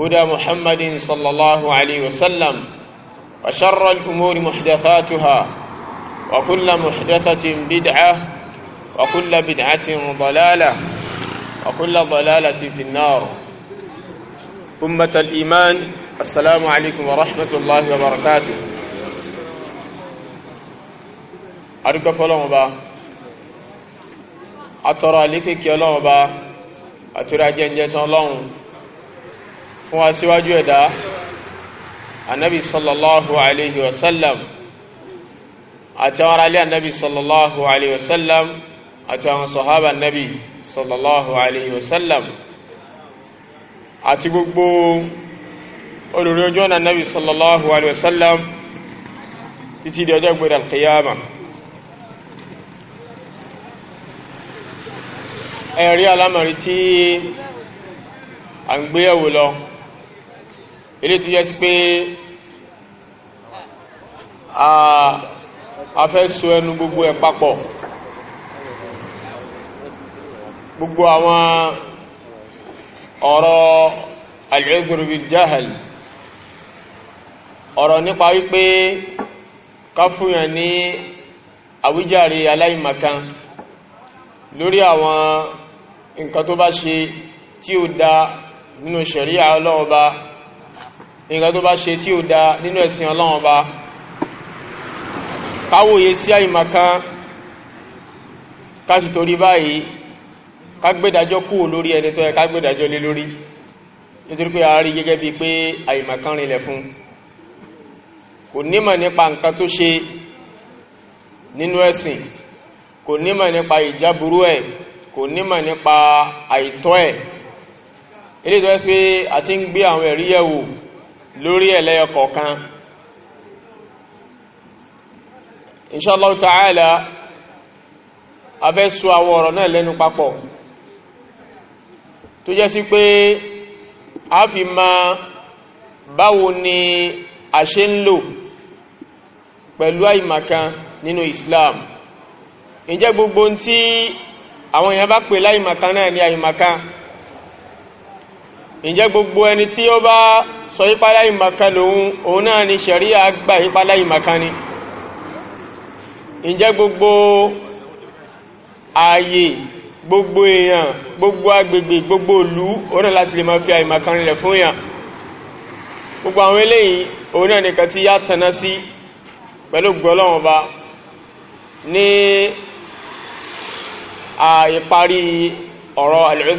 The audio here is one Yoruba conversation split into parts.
هدى محمد صلى الله عليه وسلم وشر الأمور محدثاتها وكل محدثة بدعة وكل بدعة ضلالة وكل ضلالة في النار أمة الإيمان السلام عليكم ورحمة الله وبركاته أرجو فلان با أترى لك كي لان با أترى جنجة لان fún wa síwájú ẹ̀dá annabi sallallahu alaihi wasallam àti àwọn aráalé annabi sallallahu alaihi wasallam àti àwọn sọ̀hábà annabi sallallahu alaihi wasallam àti gbogbo olórí ojú ọ̀nà annabi sallallahu alaihi wasallam títí di ọjọ́ gbẹ̀rẹ̀ alkiyama ẹ̀rí alámọ̀rí tí a ń gbéyàwó lọ ilé tó yẹ sí pé a fẹ́ so ẹnu gbogbo ẹ̀ papọ̀ gbogbo àwọn ọ̀rọ̀ al-udhr bil-jahl ọ̀rọ̀ nípa wípé ká fúnyàn ní àwíjàre aláìmọ̀kan lórí àwọn nǹkan tó bá ṣe tí ó dá nínú ṣẹ̀ríà ọlọ́ọ̀ba nǹkan tó bá ṣe tí ó dá nínú ẹ̀sìn ọlọ́run bá káwòye sí àìmọ̀kan káṣù torí báyìí kágbédájọ́ kúrò lórí ẹni tó yẹ kágbédájọ́ lé lórí nítorí pé a rí gẹ́gẹ́ bíi pé àìmọ̀kan rinlẹ̀ fún kò nímọ̀ nípa nǹkan tó ṣe nínú ẹ̀sìn kò nímọ̀ nípa ìjáburú ẹ̀ kò nímọ̀ nípa àìtọ́ ẹ̀ eléyìí tó yẹ pé a ń gbé àwọn ẹ̀rí yẹ̀wò lórí ẹ̀lẹ́yọ kọ̀ọ̀kan inshallah ta'ala afẹ́ sọ àwọn ọ̀rọ̀ náà lẹ́nu papọ̀ tó jẹ́ sí pé a fi ma báwo ni a ṣe ń lò pẹ̀lú àìmàkan nínú Islam ǹjẹ́ gbogbo tí àwọn èèyàn bá pè láìmàkan náà ní àìmàkan ǹjẹ́ gbogbo ẹni tí ó bá sọ ipálá ìmọ̀kan lòun òun náà ni ṣẹ̀ríà gbà ipálá ìmọ̀kan ni ǹjẹ́ gbogbo ààyè gbogbo èèyàn gbogbo agbègbè gbogbo ìlú òun náà láti lè máa fi àìmọ̀kan rinlẹ̀ fún èèyàn gbogbo àwọn eléyìí òun náà nìkan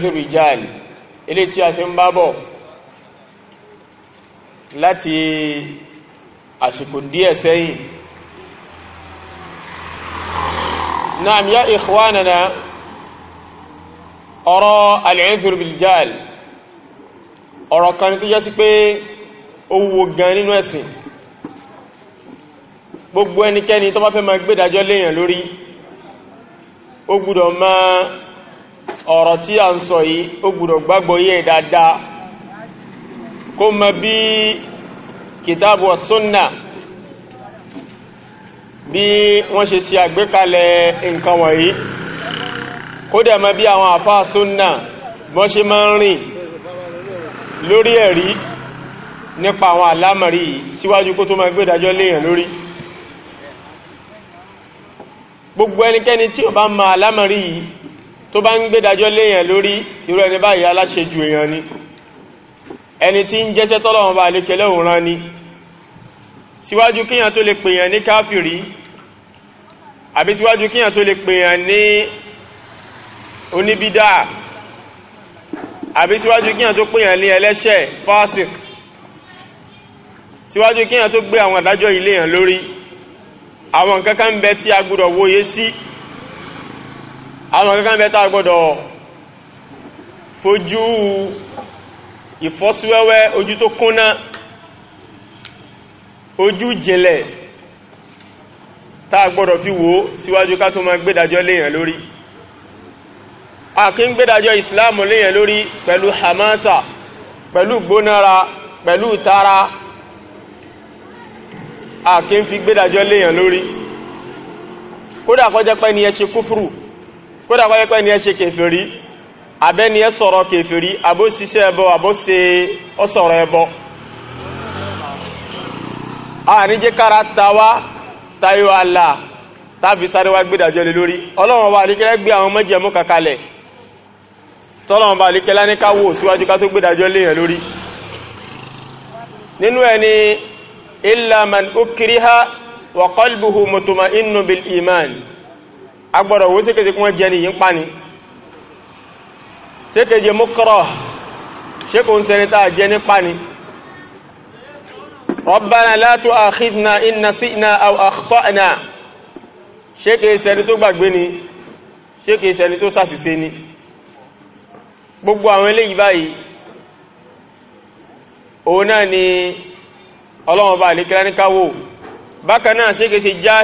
tí ilé tí a ṣe ń bábọ̀ láti àsìkò díẹ̀ sẹ́yìn naam ya ikhwanana ọ̀rọ̀ al-'udhr bil-jahl ọ̀rọ̀ kan tó jẹ́ sí pé ó wúwo gan nínú ẹ̀sìn gbogbo ẹnikẹ́ni tó bá fẹ́ máa gbédàjọ́ léèyàn lórí ó gbọ́dọ̀ máa ọ̀rọ̀ tí a ń sọ yìí ó gbọ́dọ̀ gbàgbọ́ yẹ́ e dáadáa kó mọ bí kìtàbù wa sunna bí wọ́n ṣe ṣe àgbékalẹ̀ nǹkan wọ̀nyí kó dẹ̀ mọ bí àwọn àfáà sunna bọ́n ṣe máa ń rìn lórí ẹ̀rí nípa àwọn àlámọ̀rí síwájú kó tó máa gbé ìdájọ́ léèyàn lórí gbogbo ẹnikẹ́ni tí ó bá ma àlámọ̀rí yìí tó bá ń gbé ìdájọ́ léèyàn lórí irú ẹni báyìí aláṣejù èèyàn ni ẹni tí ń jẹ́sẹ́ tọ́lọ́wọ́n bá lè kẹlẹ́ òun rán ni síwájú kíyàn tó lè pèyàn ní káfìrí àbí síwájú kíyàn tó lè pèyàn ní oníbídà àbí síwájú kíyàn tó pèyàn ní ẹlẹ́ṣẹ̀ fásik síwájú kíyàn tó gbé àwọn àdájọ́ ilé yàn lórí àwọn kankan bẹ tí a gbọ́dọ̀ wòye sí àwọn kankan bẹ tí a gbọ́dọ̀ fojú ìfọ́síwẹ́wẹ́ ojú tó kúnná ojú jìnlẹ̀ tá a gbọ́dọ̀ fi wò síwájú ká tó máa gbédàjọ́ léèyàn lórí a kí ń gbédàjọ́ ìsìláàmù léèyàn lórí pẹ̀lú hamasa pẹ̀lú gbónára pẹ̀lú tara a kí ń fi gbédàjọ́ léèyàn lórí kódà kọjẹ́ pẹ́ ni ẹ ṣe kúfùrù kódà kọjẹ́ pẹ́ ni ẹ ṣe kèfèrí abẹ́ni ẹ sọ̀rọ̀ kèfèrí abóṣiṣẹ́ ẹbọ abóṣe ọsọ̀rọ̀ ẹbọ àníjẹ́kára tàwá tayo àlà tàbí sáréwá gbédàjọ́ lè lórí ọlọ́run bá alékẹ́lẹ́ gbé àwọn mẹ́jẹ̀mú kàkalẹ̀ tọ́lọ́run bá alékẹ́lẹ́ ní ká wò síwájú ká tó gbédàjọ́ léèyàn wa qalbuhu mutma'innun bil iman agbọ́dọ̀ wó sí kẹsẹ̀kún jẹ́ ni yí pa ni ṣé keje mọ́kọ́rọ̀ ṣe kò ń sẹni tàà jẹ nípa ni Rabbana la tu'akhidhna in nasina aw akhta'na ṣé kèé sẹni tó gbàgbé ni ṣé kèé sẹni tó ṣàṣìṣe ni gbogbo àwọn eléyìí báyìí òun náà ni ọlọ́wọ́n bá ní káwò bákan náà ṣe sí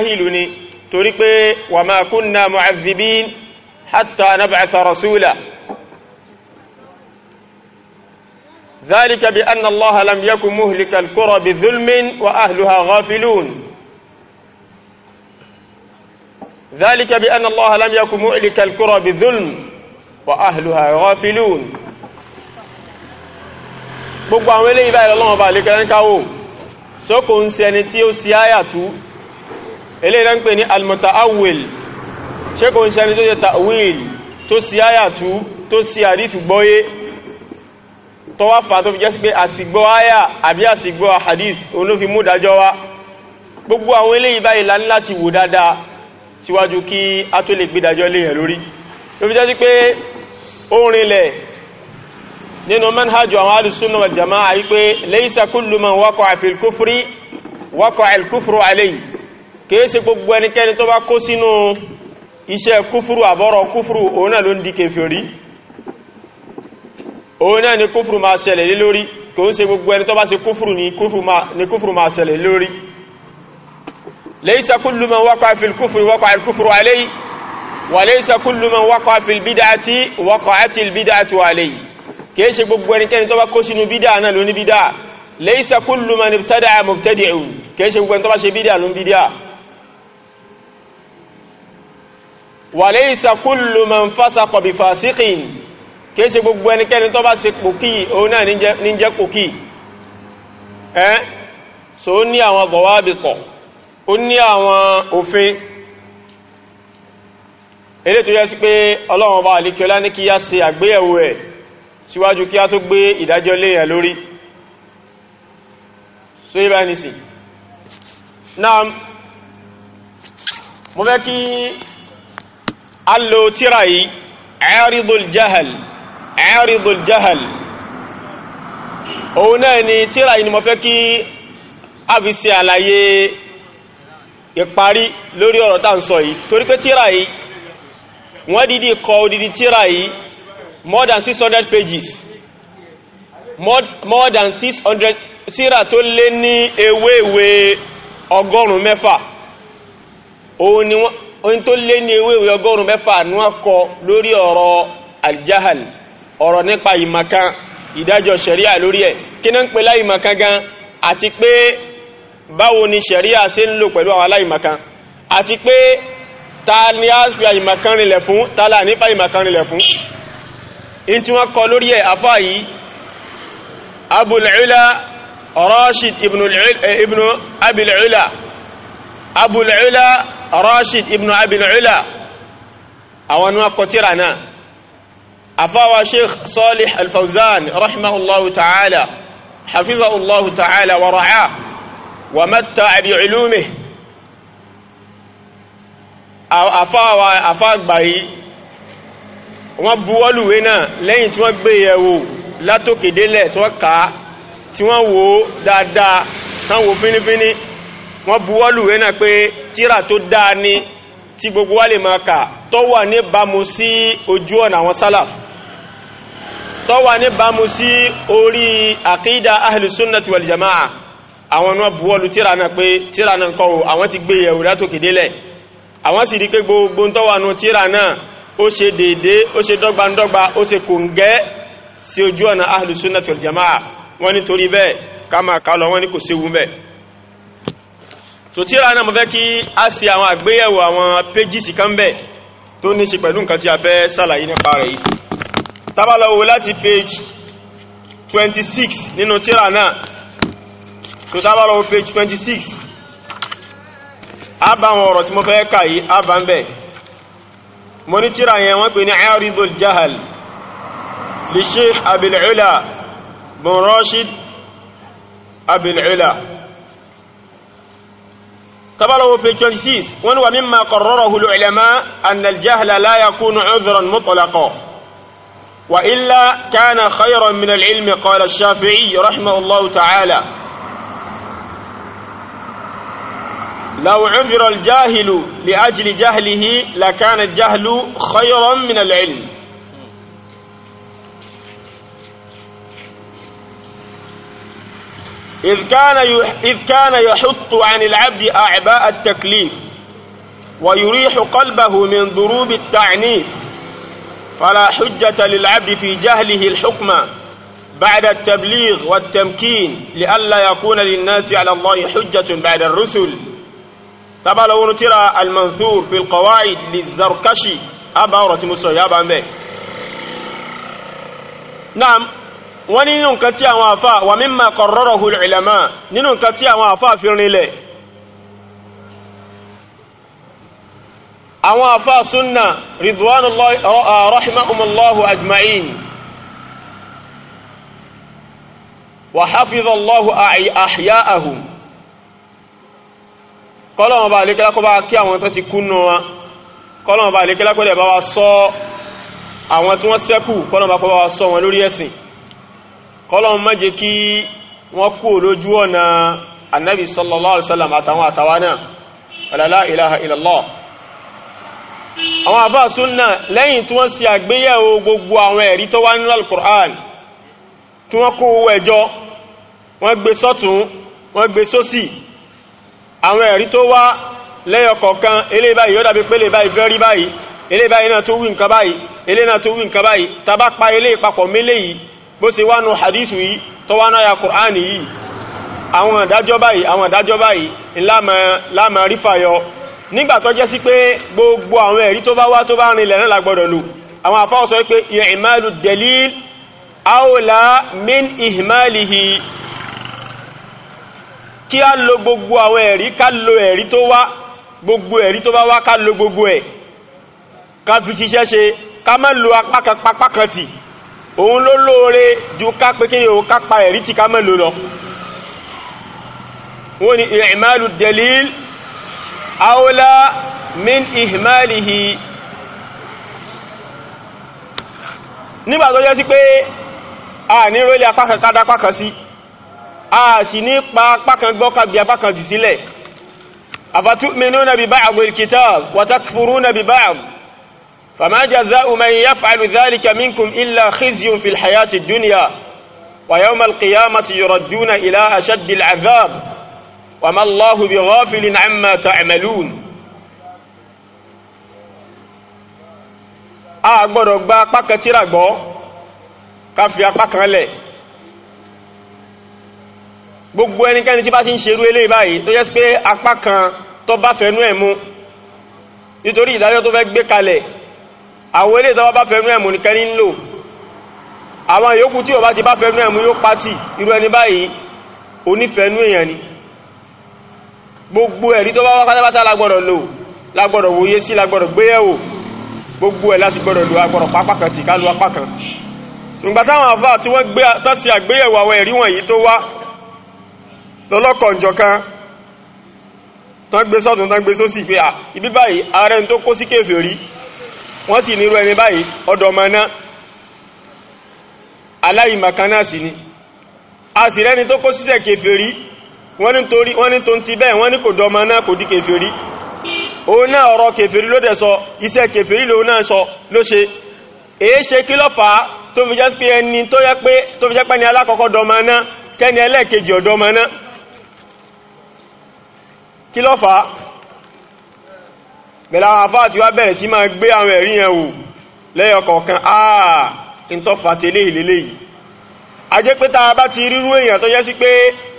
rasula ذلك بأن الله لم يكن مهلك القرى بظلم وأهلها غافلون ذلك بأن الله لم يكن مهلك القرى بظلم وأهلها غافلون gbogbo àwọn ilé ìbá ìrọlọ́wọ́ bá lékẹ́ ránkáwò sókò ń ṣe ẹni tí ó sí áyàtú ilé ìrán pè ní almutaawil ṣe kò ń ṣe ẹni tó ṣe ta'wil tó sí áyàtú tó sí àrífì gbọ́yé tó wá fà tó fi jẹ́ sí pé àsìgbọ́ àyà àbí àsìgbọ́ hadith òun ló fi mú dájọ́ wá gbogbo àwọn eléyìí báyìí la ní láti wò dáadáa síwájú kí a tó lè gbé dájọ́ lé yẹn lórí tó fi jẹ́ sí pé ó rinlẹ̀ nínú manhajú àwọn alùsùnà jama'a yí pé laysa kullu man waqa'a kufri waqa'a al kufru alayhi kìí ṣe gbogbo ẹnikẹ́ni tó bá kó sínú iṣẹ́ kúfúrú àbọ́rọ̀ kúfúrú náà ló òun náà ni kúfùrù máa ṣẹlẹ̀ lé lórí kò ń ṣe gbogbo ẹni tó bá ṣe kúfùrù ni kúfùrù máa ṣẹlẹ̀ lórí laysa kullu man waqa'a fil kufri waqa'a al kufru alayhi wa laysa kullu man waqa'a fil bid'ati waqa'at al bid'atu alayhi kìí ṣe gbogbo ẹnikẹ́ni tó bá kó sínú bídá náà lóní bídá laysa kullu kìí ṣe gbogbo ẹnikẹ́ni tó bá ṣe pòkí òun náà ní jẹ́ pòkí ẹ́ so ó ní àwọn bọ̀wábìkọ̀ ó ní àwọn òfin ilé tó yẹ sí pé ọlọ́run ọba àlíkíọlá ní kí yá ṣe àgbéyẹ̀wò ẹ̀ síwájú kí á tó gbé ìdájọ́ lé lórí so ibà nìsì náà mo fẹ́ kí a lo tíra yìí ẹ̀rìdùl jahal A'ridul Jahl òun náà ni tíra yìí ni mo fẹ́ kí a fi ṣe àlàyé ìparí lórí ọ̀rọ̀ tá ń sọ yìí torí pé tíra yìí wọ́n dìdí kọ odidi tíra yìí more than 600 pages more, more than 600 síra tó lé ní ewéèwé ọgọ́rùn-ún mẹ́fà òun ni wọ́n tó lé ní ewéèwé ọgọ́rùn-ún mẹ́fà ní wọ́n kọ lórí ọ̀rọ̀ al-Jahl ọ̀rọ̀ nípa ìmọ̀kan ìdájọ́ ṣẹ̀ríà lórí ẹ̀ kí náà ń pè láìmọ̀kan gan àti pé báwo ni ṣẹ̀ríà ṣe ń lò pẹ̀lú àwọn aláìmọ̀kan àti pé ta ni a fi àìmọ̀kan rinlẹ̀ fún ta là nípa ìmọ̀kan rinlẹ̀ fún in tí wọ́n kọ lórí ẹ̀ afá yìí Abul Ula Rashid ibn eh, Abil Ula Abul Ula Rashid àwọn ni wọ́n kọ tíra náà afáwa sheikh salih alfauzan rahimahullahu ta'ala hafizahullahu ta'ala wa ra'a wa matta abi ilumi afáwa afágbàyí wọ́n buwọ́lùwé náà lẹ́yìn tí wọ́n gbé yẹ̀wò látòkè délẹ̀ tí wọ́n kàá tí wọ́n wò dáadáa tán wò fínífíní wọ́n buwọ́lùwé náà pé tíra tó dáa ní tí gbogbo wa lè máa kà tó ní bámu sí ojú ọ̀nà àwọn sálàfù tó wà ní bámu sí orí àkídà ahlùsúnnàtí wal jama'a àwọn náà buwọ́lu tíra náà pé tíra náà kọ́ àwọn ti gbé yẹ̀wò látò kìdílẹ̀ àwọn sì rí pé gbogbo tó wà ní tíra náà ó ṣe dédé ó ṣe dọ́gbandọ́gba ó ṣe kòǹgẹ́ sí ojú ọ̀nà ahlùsúnnàtí wal jama'a wọ́n ní torí bẹ́ẹ̀ ká máa ká lọ wọ́n ní kò séwu bẹ́ẹ̀ so tíra náà mo fẹ́ kí a ṣe àwọn àgbéyẹ̀wò àwọn sí kan bẹ́ẹ̀ tó ní ṣe pẹ̀lú nǹkan tí a fẹ́ sàlàyé nípa rẹ̀ yìí tá bá lọ wò láti page 26 nínú tírà náà so tá bá lọ wò page 26 a bá wọn ọ̀rọ̀ tí mo fẹ́ kà yìí a bá ń bẹ̀ mo ní tírà yẹn wọ́n pè ní aridul jahal li sheikh abil'ula bin rashid abil'ula tabalawo page 26 wani wa mimma qarrarahu al-ulama anna al-jahla la yakunu udhran mutlaqa وإلا كان خيرا من العلم قال الشافعي رحمه الله تعالى لو عذر الجاهل لأجل جهله لكان الجهل خيرا من العلم إذ كان إذ كان يحط عن العبد أعباء التكليف ويريح قلبه من ضروب التعنيف فلا حجة للعبد في جهله الحكمة بعد التبليغ والتمكين لئلا يكون للناس على الله حجة بعد الرسل تبا لو نترى المنثور في القواعد للزركشي أبا أورة موسى يابا به نعم وني نكتي وافا ومما قرره العلماء نكتي وافا في الرنيلي àwọn àfáà súnnà ridwanullahi uh, rahimahumullahu ajma'in wa hafizallahu ahya'ahum kọ́lọ̀wọ̀n bá alékẹ́lá kọ́ bá kí àwọn tó ti kúnnà wọn kọ́lọ̀wọ̀n bá alékẹ́lá kọ́ dẹ̀ bá wa sọ àwọn tí wọ́n ṣẹ́kù kọ́lọ̀wọ̀n bá kọ́ bá wa sọ wọn lórí ẹ̀sìn kọ́lọ̀wọ̀n má jẹ́ kí wọ́n kú lójú ọ̀nà annabi sallallahu alaihi wasallam àtàwọn àtàwọn náà ilaha illallah àwọn àfáà súnnà lẹ́yìn tí wọ́n sì àgbéyẹ̀wò gbogbo àwọn ẹ̀rí tó wá nínú al-Qur'an tí wọ́n kó owó ẹjọ́ wọ́n gbé sọ́tún wọ́n gbé sósì àwọn ẹ̀rí tó wá lẹ́yọkọ̀ọ̀kan eléyìí báyìí yóò dàbí pé eléyìí báyìí fẹ́ rí báyìí eléyìí báyìí náà tó pa eléyìí papọ̀ mélé yìí bó ṣe wá nù hadithu yìí tó wá náà ya Qur'an yìí àwọn ìdájọ́ báyìí àwọn ìdájọ́ báyìí ńlá nígbà tó jẹ́ sí pé gbogbo àwọn ẹ̀rí tó bá wá tó bá rìn lẹ́rìn lágbọ́dọ̀ lò àwọn àfáà sọ pé i'malu dalil awla min ihmalihi kí a lo gbogbo àwọn ẹ̀rí ká lo ẹ̀rí tó wá gbogbo ẹ̀rí tó bá wá ká lo gbogbo ẹ̀ ká fi ṣiṣẹ́ ṣe ká má lo apákan tì أولى من إهماله nígbà tó jẹ́ sí pé a ní rólé apákan kádá apákan sí a sì ní pa apákan gbọ́ka bí apákan jù sílẹ̀ أفتؤمنون ببعض الكتاب وتكفرون ببعض فما جزاء من يفعل ذلك منكم إلا خزي في الحياة الدنيا ويوم القيامة يردون إلى أشد العذاب وما الله بغافل عما تعملون a gbọ́dọ̀ gba apá kan tíra gbọ́ ká fi apá kan lẹ̀ gbogbo ẹnikẹ́ni tí bá ti ń ṣerú eléyìí báyìí tó yẹ́ sí pé apá tó bá fẹ́nú ẹ̀ mú nítorí ìdájọ́ tó fẹ́ gbé kalẹ̀ àwọn eléyìí tó bá fẹ́nú ẹ̀ mú ní gbogbo ẹ̀rí tó bá wá pátápátá lágbọ́dọ̀ lò lágbọ́dọ̀ wòye sí lágbọ́dọ̀ gbéyẹ̀wò gbogbo ẹ̀ láti gbọ́dọ̀ lò agbọ́dọ̀ pápákan tí ká lò apákan ṣùgbà táwọn àfá tí wọ́n gbé tọ́sí àgbéyẹ̀wò àwọn ẹ̀rí wọ̀nyí tó wá lọ́lọ́kọ̀ọ̀jọ̀kan ibi báyìí ààrẹ tó kó sí kèfèrí wọ́n sì nírú ẹni báyìí ọ̀dọ̀ mọ́ná ni a sì rẹ́ni tó wọ́n ní torí wọ́n ní tó ń ti bẹ́ẹ̀ wọ́n ní kò dọmọ náà kò di kèfèrí òun náà ọ̀rọ̀ kèfèrí ló dẹ̀ sọ iṣẹ́ kèfèrí lòun náà sọ ló ṣe èé ṣe kí ló fà á tó fi jẹ́ pé ẹni tó yẹ pé tó fi jẹ́ pé ní alákọ̀ọ́kọ́ dọmọ náà kẹ́ni ẹlẹ́ẹ̀kejì ọ̀dọmọ náà kí ló fà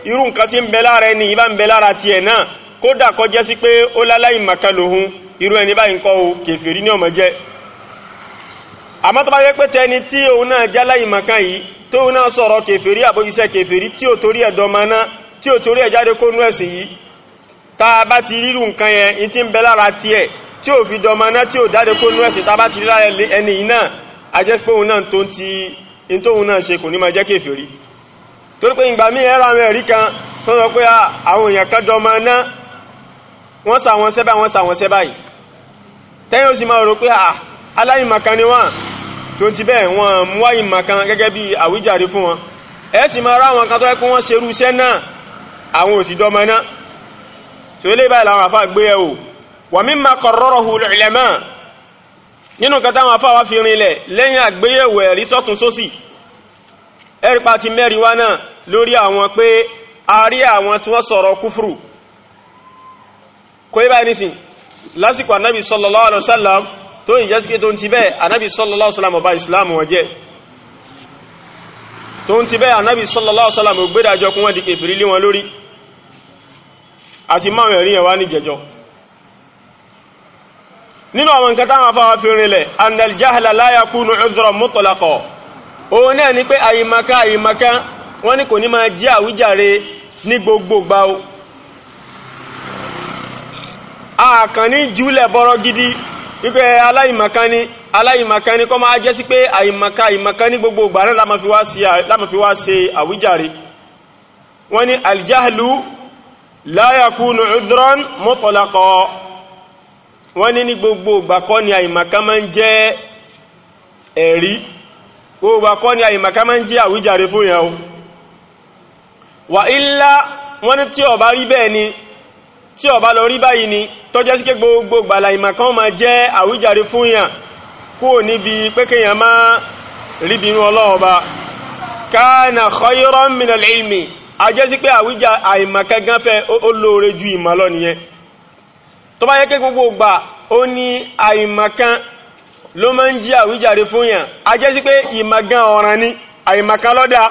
irú nǹkan tí ń bẹ lára ẹni ìbá ń bẹ lára ti ẹ̀ náà kódà kó jẹ́ sí pé ó láláì màkà lòun irú ẹni báyìí kọ́ o kèfèrí ní ọmọ jẹ́ àmọ́ tó bá yẹ pé tẹni tí òun náà jáláì màkà yìí tó náà sọ̀rọ̀ kèfèrí àbójíṣẹ́ kèfèrí tí ò torí ẹ̀dọ́ ma náà tí ò torí ẹ̀jáde kó nú ẹ̀sìn yìí fi dọmọ tí ò dáde kó nú ẹ̀sìn ti rí lára ẹni yìí náà òun náà tó ń ti in náà ṣe kò ní ma jẹ́ kèfèrí torí pé ìgbà míì ẹ̀rọ àwọn ẹ̀rí kan tó sọ pé ah, àwọn èèyàn kan dọmọ náà wọ́n sà wọn sẹ́bà wọ́n sà wọn sẹ́bà yìí tẹ́yìn ó sì máa rò pé ah, aláìmọ̀kan ni wọ́n tó ti bẹ́ẹ̀ wọ́n mú àìmọ̀kan gẹ́gẹ́ bí àwíjàre fún wọn ẹ sì máa rá wọn kan tó ẹ́kún wọ́n ṣerú iṣẹ́ náà àwọn òsì dọmọ náà tí ó lè ti mẹ́rin wá náà lórí àwọn pé a rí àwọn tí wọ́n sọ̀rọ̀ kúfùrù kò ibá nísìn lásìkò anábi sallallahu alaihi wasallam tó ń jẹ́síké tó ń ti bẹ́ẹ̀ anábi sallallahu alaihi wasallam ọba islam wọ́n jẹ́ tó ń ti bẹ́ẹ̀ anábi sallallahu alaihi wasallam ògbédàjọ kún wọ́n di kèfèrí lé wọn lórí àti máwọn ẹ̀rí ẹ̀wá ní jẹjọ nínú àwọn nǹkan táwọn afáwà fi rinlẹ̀ andal wọ́n ní kò ní máa jẹ́ àwíjàre ní gbogbo gbà o àkàn ní jùlẹ̀ bọ́rọ̀ gidi wípé aláìmọ̀kání aláìmọ̀kání kọ́ máa jẹ́ sí pé àìmọ̀ká àìmọ̀ká ní gbogbo gbà náà láma fi wá àwíjàre wọ́n ní aljahlu la yakunu udran mutlaqa wọ́n ní ní gbogbo gbà ni àìmọ̀ká máa ń jẹ́ ẹ̀rí gbogbo gbà kọ́ ni àìmọ̀ká máa ń jẹ́ àwíjàre fún yẹn wà ílá wọ́n ní tí ó bá rí bẹ́ẹ̀ ni tí ó bá lọ rí báyìí ni tó jẹ́ sí pé gbogbo gbàlà ìmọ̀kan ma jẹ́ àwíjàre fún yàn kúrò níbi pé kéèyàn má rí bínú Ọlọ́run Ọba kana khayran min al-ilmi a jẹ́ sí pé àwíjà àìmọ̀kan gan fẹ́ ló máa ń jí àwíjàre fún yàn a jẹ́ sí pé ìmọ̀ ọ̀ràn ni àìmọ̀kan lọ́dà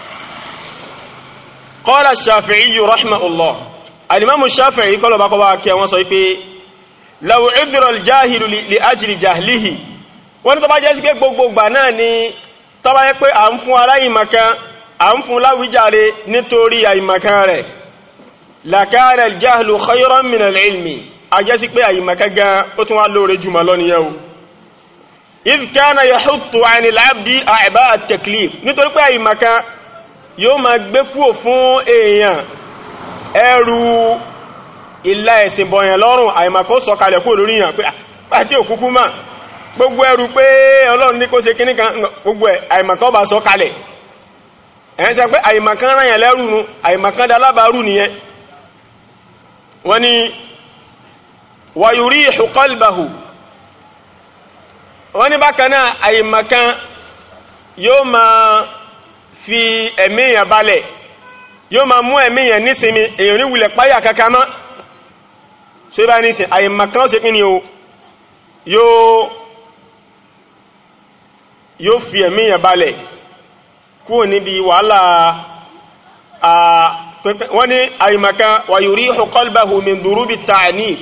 qala shafi'i rahimahullah alimamu shafi'i kọlọ̀ bá kọba kẹ wọ́n sọ pé law udhira al-jahilu li ajli jahlihi wọ́n ni tó bá jẹ́ sí pé gbogbogbà náà ni tó bá yẹ pé à ń fún aláìmọ̀kan à ń fún láwíjàre nítorí àìmọ̀kan rẹ̀ lakana al-jahlu khayran min al-ilmi a jẹ́ sí pé àìmọ̀kan gan ó tún wá lóore jùmọ̀ lọ́niyẹ́wò idh kana yahuttu 'ani al-'abdi a'ba at-taklif nítorí pé àìmọ̀kan yóò máa gbé kúrò fún èèyàn ẹrù ìlà ẹ̀sìn bọ̀yàn lọ́rùn àìmàkó sọ̀kalẹ̀ kúrò lórí yàn pé àti ah, òkúkú máa gbogbo ẹrù pé ọlọ́run ní kó gbogbo ẹ̀ àìmàkó bá sọ̀kalẹ̀ pé àìmàkán ráyàn lẹ́rù nù àìmàkán dalábàárù nìyẹn wọ́n ni wàyúrí ìṣùkọ́lbàhù wọ́n ni bákan náà àìmàkán yóò máa fi ẹ̀mí èèyàn balẹ̀ yóò máa mú ẹ̀mí èèyàn nísinmi èèyàn ní wulẹ̀ páyà kankan mọ́ ṣe bá nísin àìmọ̀kan ṣe pín ni o yóò fi ẹ̀mí èèyàn balẹ̀ kúrò níbi wàhálà wọ́n ní àìmọ̀kan wa yurihu qalbahu min durubi ta'nif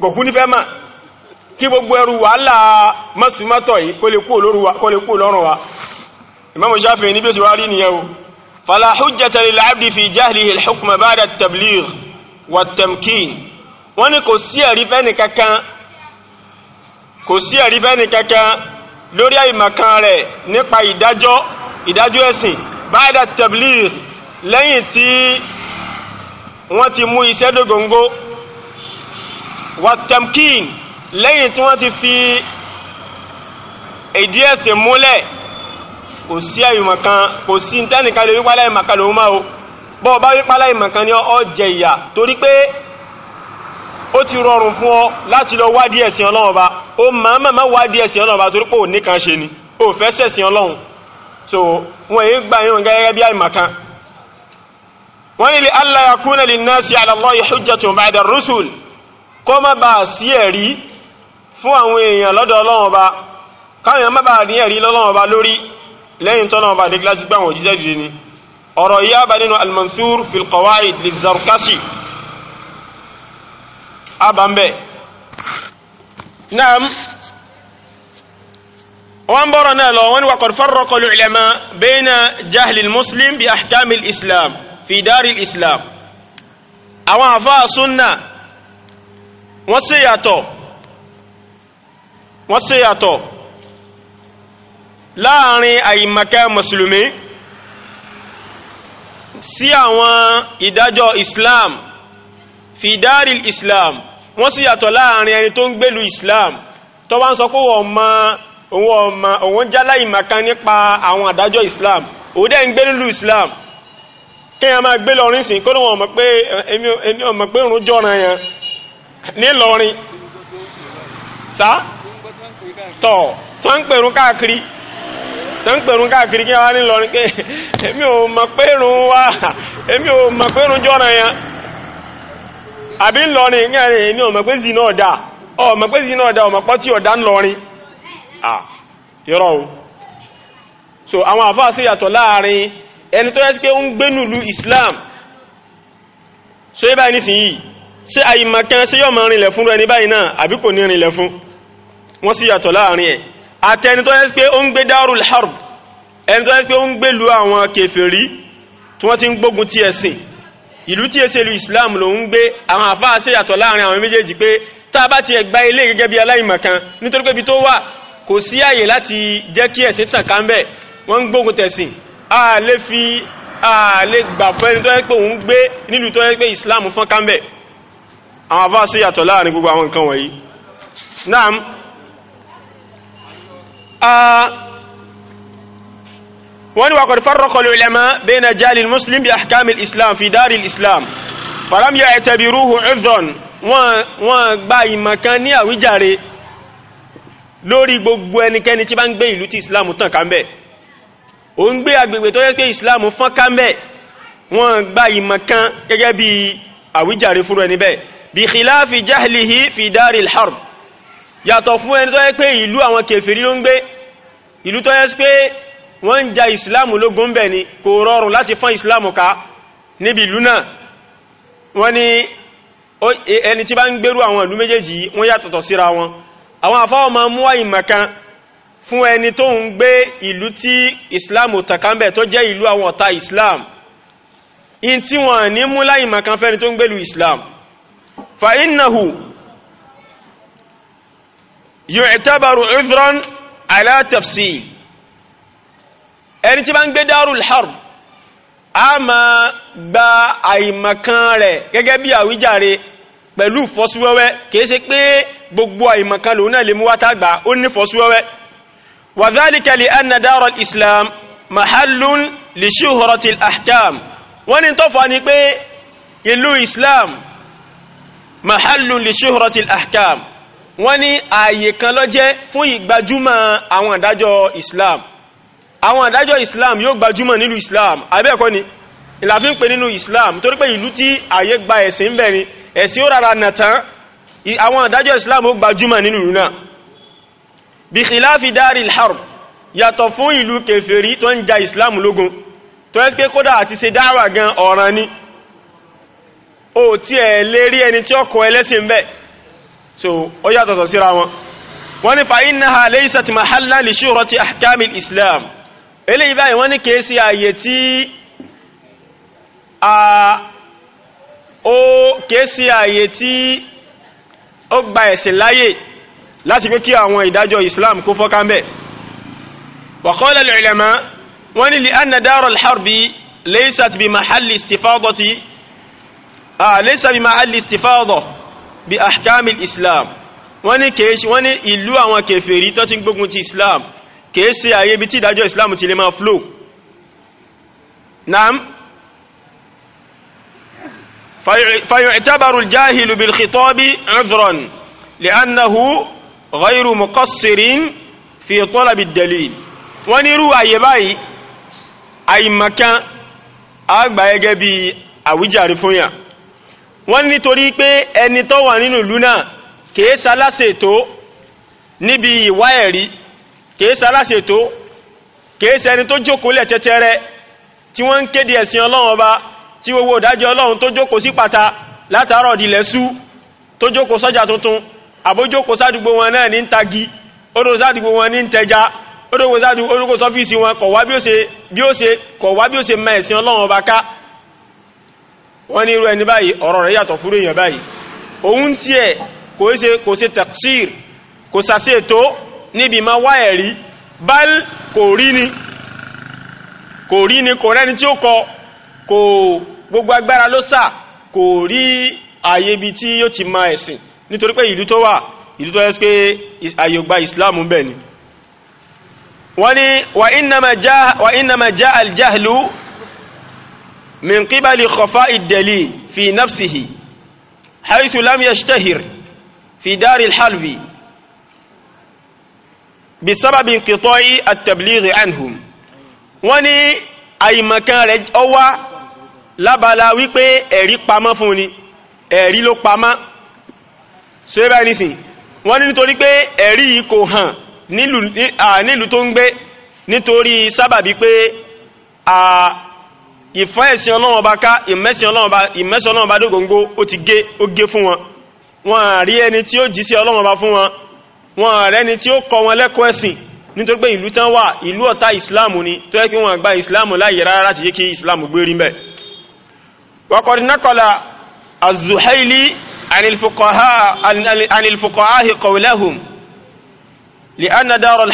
gọ̀kú nífẹ́ mà kí gbogbo ẹrù wàhálà mọ́sùmọ́tọ̀ yìí kó lè kú lọ́rùn wa Imam Shafi'i ní bí ó ti wá rí nìyẹn o fala hujjata lil abdi fi jahlihi al-hukm ba'da at wa tamkin wọ́n ní kò sí ẹ̀rí bẹ́ni kankan kò sí ẹ̀rí bẹ́ni kankan lórí àìmọ̀kan rẹ̀ nípa ìdájọ́ ìdájọ́ ẹ̀sìn ba'da at-tabligh lẹ́yìn tí wọ́n ti mú iṣẹ́ dógóngó wàtẹ̀mkín lẹ́yìn tí wọ́n ti fi èdí ẹ̀sẹ̀ múlẹ̀ kò sí àyùmọ̀kan kò sí tẹ́nìkan lè wípálá ìmọ̀kan lòun máa o bọ́ bá wípálá ìmọ̀kan ní ọ jẹ ìyà torí pé ó ti rọrùn fún ọ láti lọ wádìí ẹ̀sìn ọlọ́run ba ó máa máa wádìí ẹ̀sìn ọlọ́run ba torí pé ò níkan ṣe ni ò fẹ́ sẹ̀sìn ọlọ́run so wọ́n èyí gbà yíò gẹ́gẹ́ bí àìmọ̀kan wọ́n ni li alla yakuna linnasi ala Allahi hujjatun ba'da ar-rusul kó má bàa sí ẹ̀rí fún àwọn èèyàn lọ́dọ̀ ọlọ́run ọba káwọn èèyàn má bàa rí ẹ̀rí lọ́lọ́run ọba lórí lẹ́yìn tọ́lọ́run ọba dégla ti gbàwọ̀n jíjẹ́ jù ni ọ̀rọ̀ yìí abà nínú al-Manthur fil Qawaid liz-Zarkashi abàmbẹ̀ naam wọ́n bọ́rọ̀ náà lọ wọ́n ni waqad farraqa al-ulama bayna jahli muslim bi ahkam islam fi dar islam àwọn àfáà súnnà wọ́n ṣe yàtọ̀ wọ́n ṣe yàtọ̀ láàrin àìmọ̀kẹ́ mùsùlùmí sí àwọn ìdájọ́ islam fi dáril islam wọ́n ṣe yàtọ̀ láàrin ẹni tó ń gbélú islam tó bá ń sọ pé wọ́n ma òun ọmọ òun jálá ìmọ̀kan nípa àwọn àdájọ́ islam òun dẹ́ ń gbélú islam kí a máa gbé lọ rísìn kó ní wọn mọ̀ pé òun jọ́ra yẹn nílọrin sá tọ̀ tọ ń pèrún káàkiri tó ń pèrún káàkiri kí wá nílọrin pé èmi ò mọ̀ pèrún wá èmi ò mọ̀ pèrún jọ́ra yẹn àbí ńlọrin gẹ́rin èmi ò mọ̀ ọ mọ̀ pé zì náà tí ah yọrọ o so àwọn afọ sí yàtọ̀ láàrin ẹni tó yẹ́ sí pé Islam so ibà nísìnyí ṣé àìmọ̀kan ṣé yọ́ máa rìnlẹ̀ fún ẹni báyìí náà àbí kò ní rìnlẹ̀ fún wọ́n sì yàtọ̀ láàrin ẹ̀ àtẹni tó yẹ́ pé ó ń gbé darul harb ẹni tó yẹ́ pé ó ń gbé lu àwọn kèfèrí tí wọ́n ti ń gbógun ti ẹ̀sìn ìlú tí èsè lu Islam ló ń gbé àwọn àfáà ṣe yàtọ̀ láàrin àwọn méjèèjì pé tá a bá ti ẹ̀gbá ilé gẹ́gẹ́ bí aláìmọ̀kan nítorí pé ibi tó wà kò sí àyè láti jẹ́ kí ẹ̀sìn tàn ká ń bẹ̀ wọ́n ń gbógun tẹ̀sìn a lè fi a lè gbà fún ẹni tó yẹ́ pé òun gbé nílùú tó yẹ́ pé Islam fọ́n ká ń bẹ̀ àwọn afá sí yàtọ̀ láàrin gbogbo àwọn nǹkan wọ̀nyí naam wọ́n ni wàkọ̀dì farrakọ̀lù ulama bayna jálil muslim bí ahkamil islam fi dáril islam falam yà ẹ̀tẹ̀bì rúhù ẹ̀dọ̀n wọ́n gba ìmọ̀kan ní àwíjàre lórí gbogbo ẹnikẹ́ni tí bá ń gbé ìlú tí islam tàn kánbẹ̀ ó ń gbé agbègbè tó yẹ pé islam fọ́n kánbẹ̀ wọ́n gba ìmọ̀kan gẹ́gẹ́ bí àwíjàre fúnrẹ́ níbẹ̀ bí kìláàfi jahlihi fi dáril harb yàtọ̀ fún ẹni tó yẹ pé ìlú àwọn kèfèrí ló ń gbé ìlú tó yẹ pé wọ́n ń ja ìsìláàmù lógún bẹ̀ ni kò rọrùn láti fán ìsìláàmù ká níbi ìlú náà wọ́n ni ẹni tí bá ń gbérú àwọn ìlú méjèèjì wọ́n yàtọ̀tọ̀ síra wọn àwọn àfáwọ̀ máa mú àìmọ̀kan ìsìláàmù فإنه يعتبر عذرا على تفصيل ẹni tí bá ń gbé darul harb a máa gba àìmọ̀kan rẹ̀ gẹ́gẹ́ bí àwíjàre pẹ̀lú fọ́síwẹ́wẹ́ kìí ṣe pé gbogbo àìmọ̀kan lòun náà lè mú wátá gbà ó ní fọ́síwẹ́wẹ́ wa dhalika li islam mahallun li shuhratil ahkam wọ́n ni tọ́fà ni pé ìlú islam mahallun li shuhratil ahkam wọ́n ní ààyè kan ló jẹ́ fún ìgbajúmọ̀ àwọn àdájọ́ islam àwọn àdájọ́ islam yóò gbajúmọ̀ nílùú islam abẹ́ẹ̀kọ́ ni ìlàfí ń pè nínú islam torí pé ìlú tí ààyè gba ẹ̀sìn ń bẹ̀rin ẹ̀sìn ó rárá nàtán àwọn àdájọ́ islam ó gbajúmọ̀ nílùú náà bí khilafi daril harb yàtọ̀ fún ìlú kèfèrí tó ń ja o tí ẹ̀ lè rí ẹni tí ó kọ ẹlẹ́sìn bẹ́ẹ̀ so ó yàtọ̀tọ̀ síra wọn wọ́n ní fa innaha laysat mahallan li shuhrati ahkam al-islam eléyìí báyìí wọ́n ní kìí sí ààyè tí a ó kìí sí ààyè tí ó gba ẹ̀sìn láyè láti pé kí àwọn ìdájọ́ islam kó fọ́ká mẹ́ wa wọ́n ní li anna dar al-harbi laysat bi mahalli ليس بمحل استفاضة بأحكام الإسلام wọ́n ní kèéṣì wọ́n ní ìlú àwọn kèfèrí tó ti gbógun ti islam kèéṣì àyè ibi tí ìdájọ́ islam ti lè máa flow naam فيعتبر الجاهل بالخطاب عذرا لأنه غير مقصر في طلب الدليل wọ́n ní irú àyè báyìí àìmọ̀kan àgbà ẹgẹ́ bí àwíjàre fún yàn wọ́n nítorí pé ẹni tó wà nínú ìlú náà kèésa lásètò níbi ìwá ẹ̀rí kèésa lásètò kèésa ẹni tó jókòólẹ̀ tẹ́tẹ́rẹ tí wọ́n ń kéde ẹ̀sìn ọlọ́run ọba tí gbogbo ìdájọ́ ọlọ́run tó jókòó sí pàtà látàárọ̀ dilẹ̀ sú tó jókòó sọ́jà tuntun àbójókòó sádùgbò wọn náà ní ń tagi odò sádùgbò wọn ní ń tẹja odò sádùgbò sọ́fíìsì wọn kọ̀wá bí ó ṣe mẹ́ ẹ̀sìn ọlọ́run ọba ká wọ́n ní irú ẹni báyìí ọ̀rọ̀ rẹ̀ yàtọ̀ fúrú èèyàn báyìí òun tí ẹ̀ kò ṣe taksir kò sàṣẹ́ tó níbi ma wá ẹ̀rí bal kò rí ni kò rí ni kò rẹ́ni tí ó kọ kò gbogbo agbára ló sà kò rí ààyè ibi tí yóò ti ma ẹ̀sìn nítorí pé ìlú tó wà ìlú tó yẹ pé ààyè gba ìsìláàmù bẹ̀ ni wọ́n ní wà innama já من قبل خفاء الدليل في نفسه حيث لم يشتهر في دار الحلب بسبب انقطاع التبليغ عنهم وني أي مكان رج أوى labala wípé ẹ̀rí pamọ́ fún ni ẹ̀rí ló pamọ́ so ẹbá ní sin wọ́n ní nítorí pé ẹ̀rí yìí kò hàn nílùú tó ń gbé nítorí sábàbí pé ìfọ́ ẹ̀sìn ọlọ́wọ́n bá ká ìmẹ́sìn ọlọ́wọ́n bá dógóngó ó ti gé ó gé fún wọn wọn rí ẹni tí ó jí sí ọlọ́wọ́n bá fún wọn wọn rẹ́ni tí ó kọ wọn lẹ́kọ̀ọ́ ẹ̀sìn nítorí pé ìlú tán wà ìlú ọ̀tá ìsìláàmù ni tó yẹ kí wọn gba ìsìláàmù láàyè rárá láti yé kí ìsìláàmù gbé rí mbẹ̀ wakọ̀dí nákọ̀lá az-Zuhayli anil fuqaha qawlahum li'anna dar al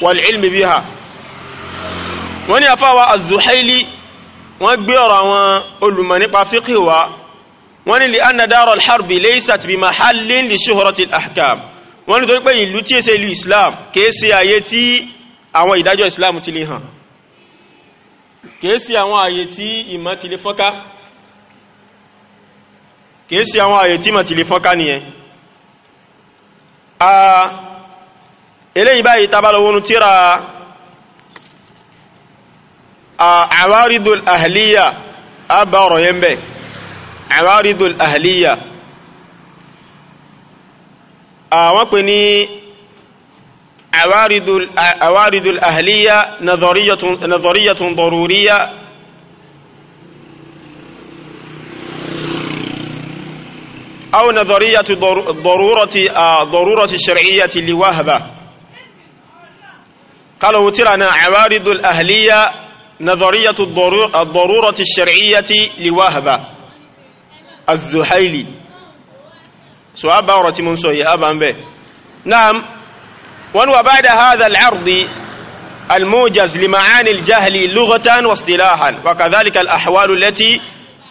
wal ilmi biha wọ́n ní afáwa az-Zuhaili wọ́n gbé ọ̀rọ̀ àwọn olùmọ̀ nípa fiqh wa wọ́n ní li anna dar al-harbi laysat bi mahallin li shuhrati al-ahkam wọ́n ní torí pé ìlú tí èsè ìlú islam kìí ṣe àyè tí àwọn ìdájọ́ islam ti lè hàn kìí ṣe àwọn àyè tí ìmọ̀ ti lè fọ́ká kìí ṣe àwọn àyè tí ìmọ̀ ti lè fọ́ká nìyẹn ah, eléyìí báyìí tabalowonu tíra àwárídùl àhàlíyà àbá ọ̀rọ̀ yẹn bẹ̀ àwárídùl àhàlíyà àwọn pè ní àwárídùl àhàlíyà nàzọ̀ríyàtún dọ̀rúríyà أو نظرية ضرورة ضرورة شرعية لوهبة قال وترنا عوارض الأهلية نظرية الضرورة الشرعية لوهبة الزحيلي سؤال بارة من سوية أبا به نعم بعد هذا العرض الموجز لمعاني الجهل لغة واصطلاحا وكذلك الأحوال التي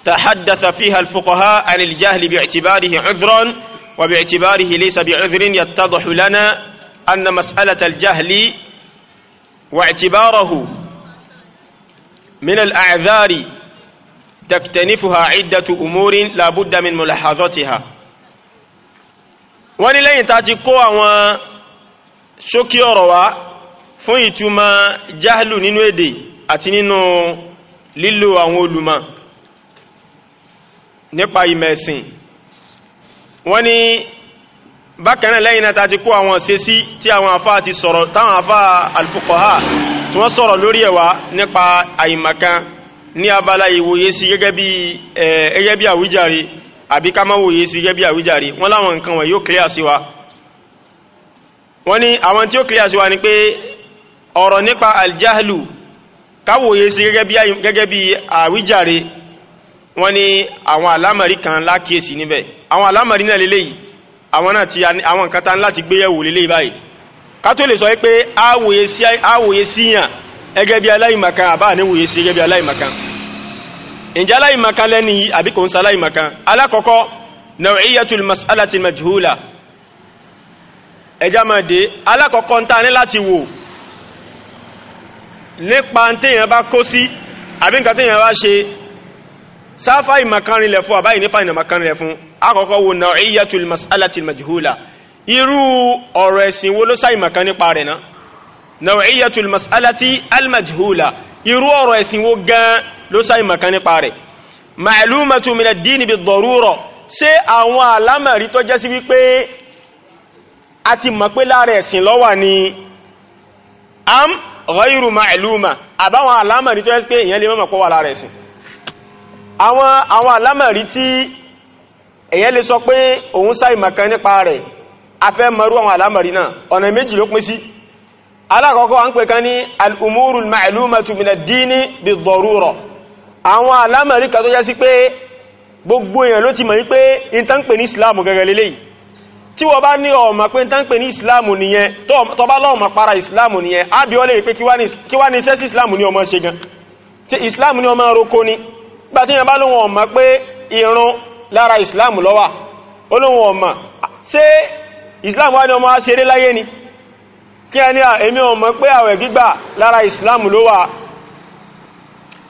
تحدث فيها الفقهاء عن الجهل باعتباره عذرا وباعتباره ليس بعذر يتضح لنا أن مسألة الجهل واعتباره من الأعذار تكتنفها عدة أمور لا بد من ملاحظتها wọ́n ní lẹ́yìn tá ti kó àwọn ṣókí ọ̀rọ̀ wá fún ìtumọ̀ jahlu nínú èdè àti nínú lílò àwọn olùmọ̀ nípa ìmẹ̀sìn wọ́n ní bákanáà lẹ́yìn náà ta ti kó àwọn ṣe sí tí àwọn afá ti sọ̀rọ̀ táwọn afá alfuqaha tí wọ́n sọ̀rọ̀ lórí ẹ̀wà nípa àìmọ̀kan ní abala ìwòye sí gẹ́gẹ́ bí àwíjàre àbí ká má wòye sí gẹ́gẹ́ bí àwíjàre wọ́n láwọn nǹkan wọ̀nyí yóò clear sí wa wọ́n ní àwọn tí ó clear sí wa ni pé ọ̀rọ̀ nípa aljahlu káwòye sí gẹ́gẹ́ bí àwíjàre wọ́n ní àwọn alámàrí kan lákìíyèsí níbẹ̀ àwọn alámàrí náà lélẹ́yìí àwọn náà ti àwọn nǹkan tán láti gbéyẹ̀wò lélẹ̀ báyìí ká tó lè sọ pé àwòye síyàn ẹgẹ́ bí aláìmọ̀kan àbá níwòye sí ẹgẹ́ bí aláìmọ̀kan ǹjẹ́ aláìmọ̀kan lẹ́ni àbí kò ń sa aláìmọ̀kan alákọ̀ọ́kọ́ naw'iyatul mas'alati majhula ẹjá máa dé alákọ̀ọ́kọ́ ń ta ní láti wò nípa téèyàn bá kó sáfà ìmọ̀kánrinlẹ̀ fún àbáyìí nípa ìmọ̀kánrinlẹ̀ fún àkọ́kọ́ wo na'iyatul mas'alati al-majhula irú ọ̀rọ̀ ẹ̀sìn wo ló sáìmọ̀kán nípa rẹ̀ náà na'iyatul mas'alati al-majhula irú ọ̀rọ̀ ẹ̀sìn wo gan ló sáìmọ̀kán nípa rẹ̀ ma'lumatu min ad-din bid-darura ṣé àwọn àlámọ̀rí tó jẹ́ sí wípé a àwọn àwọn alámẹ̀rí tí èyẹ lè sọ pé òun sáì mọ̀kan nípa rẹ̀ afẹ́ mọ̀rú àwọn alámẹ̀rí náà ọ̀nà méjì ló pín sí alákọ̀ọ́kọ́ à ń pè kan ní al'umuru ma'lumatu min ad-dini bid-darura àwọn alámẹ̀rí kan tó jẹ́ sí pé gbogbo èèyàn ló ti mọ̀ wípé ìtàn pè ní islam gẹ́gẹ́ lélẹ́yìí tí wọ́n bá ní ọmọ pé ìtàn pè ní islam islam nìyẹn á bí wọ́n lè rí gbàtí yẹn bá lóhun ọmọ pé irun lára islam lọ́wà olóhun ọmọ ṣe islam wá ní ọmọ aṣeré láyé ni kí a ní èmi ọmọ pé àwẹ̀ gbígbà lára islam lọ́wà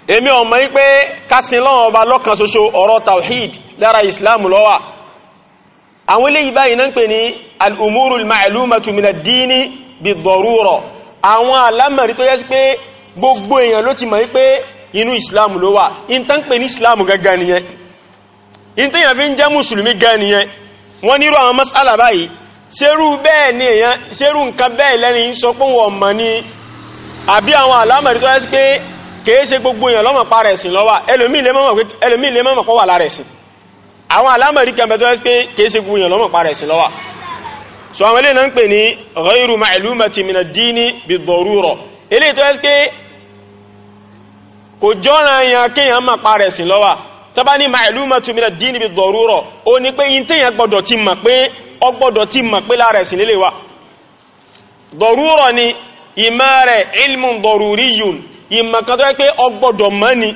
èmi ọmọ yí pé kásìn lọ́wọ́ ọba lọ́kan ṣoṣo ọ̀rọ̀ tawhid lára islam lọ́wà àwọn ilé ìbáyìí náà ń pè ní al'umurul ma'alumatu min dini bi bi-d-darura àwọn alámẹ̀rí tó yẹ sí pé gbogbo èèyàn ló ti mọ̀ wípé inú islam ló wà in tán pè ní islam gangan nìyẹn in tán yàn fi ń jẹ́ mùsùlùmí gan nìyẹn wọ́n nírò àwọn masala báyìí ṣerú bẹ́ẹ̀ ni èyàn ṣerú nǹkan bẹ́ẹ̀ lẹ́ni sọ pé wọ́n mọ̀ ní àbí àwọn alámọ̀rí tó yẹ́sí pé kìí ṣe gbogbo èèyàn lọ́mọ̀ pa rẹ̀ sí lọ́wà ẹlòmí lè mọ́mọ̀ kọ́ pé kìí gbogbo èèyàn lọ́mọ̀ kò jọ́ra yẹn kíyàn máa pa rẹ̀ sìn lọ́wà tó bá ní ma'lumatu mina dini bi darura ó ní pé yí tíyàn gbọ́dọ̀ ti mọ̀ pé ọgbọ́dọ̀ ti mọ̀ pé lára ẹ̀sìn wa ni ìmọ̀ rẹ̀ ilmun daruriyun ìmọ̀ kan tó yẹ pé ọgbọ́dọ̀ mọ̀ ni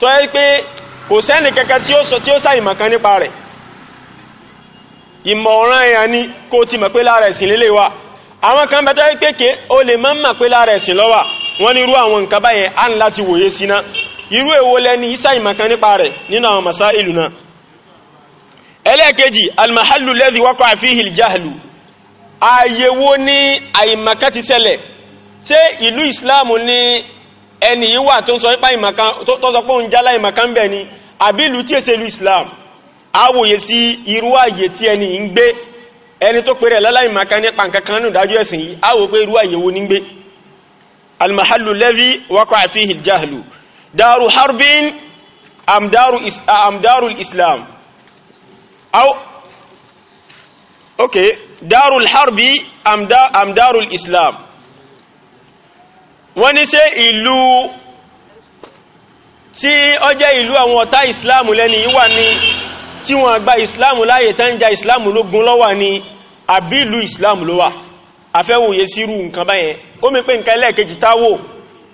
tó yẹ pé kò sẹ́ni tí ó sọ tí ó sá ìmọ̀ kan nípa rẹ̀ ìmọ̀ ni kó ti mọ̀ wa àwọn kan yẹ pé lè wọ́n ní irú àwọn nǹkan báyẹn á ń láti wòye síná irú èwo lẹ́ni isa ìmọ̀kan nípa rẹ̀ nínú àwọn masá ìlú náà ẹlẹ́ẹ̀kejì almahallu lẹ́dí wọ́kọ̀ àfihìl jahlu àyèwò ní àìmọ̀kan ti ṣẹlẹ̀ ṣé ìlú islamu ní ẹni yìí wà tó sọ pé òun jálá ìmọ̀kan bẹ̀ ni àbí ìlú tí èsè ìlú islam àwòye sí irú àyè tí ẹni yìí ń gbé ẹni tó pèrè láláìmọ̀kan nípa nǹkan kan nù dájú ẹ̀sìn yìí àwò pé irú àyèwò ní gbé المحل الذي وقع فيه الجهل دار حرب أم دار, إس... أم دار الإسلام أو أوكي دار الحرب أم, دا... أم دار الإسلام ونسى إلو tí ó jẹ́ ìlú àwọn ọ̀tá ìsìláàmù lẹ́ni yíwà ní tí wọ́n gba ìsìláàmù láyé tán já ìsìláàmù lógún lọ́wà ní àbí ìlú ìsìláàmù ló wà afẹ́wòye sírù nǹkan báyẹn ó mi pé nǹkan ẹlẹ́ẹ̀kejì táwò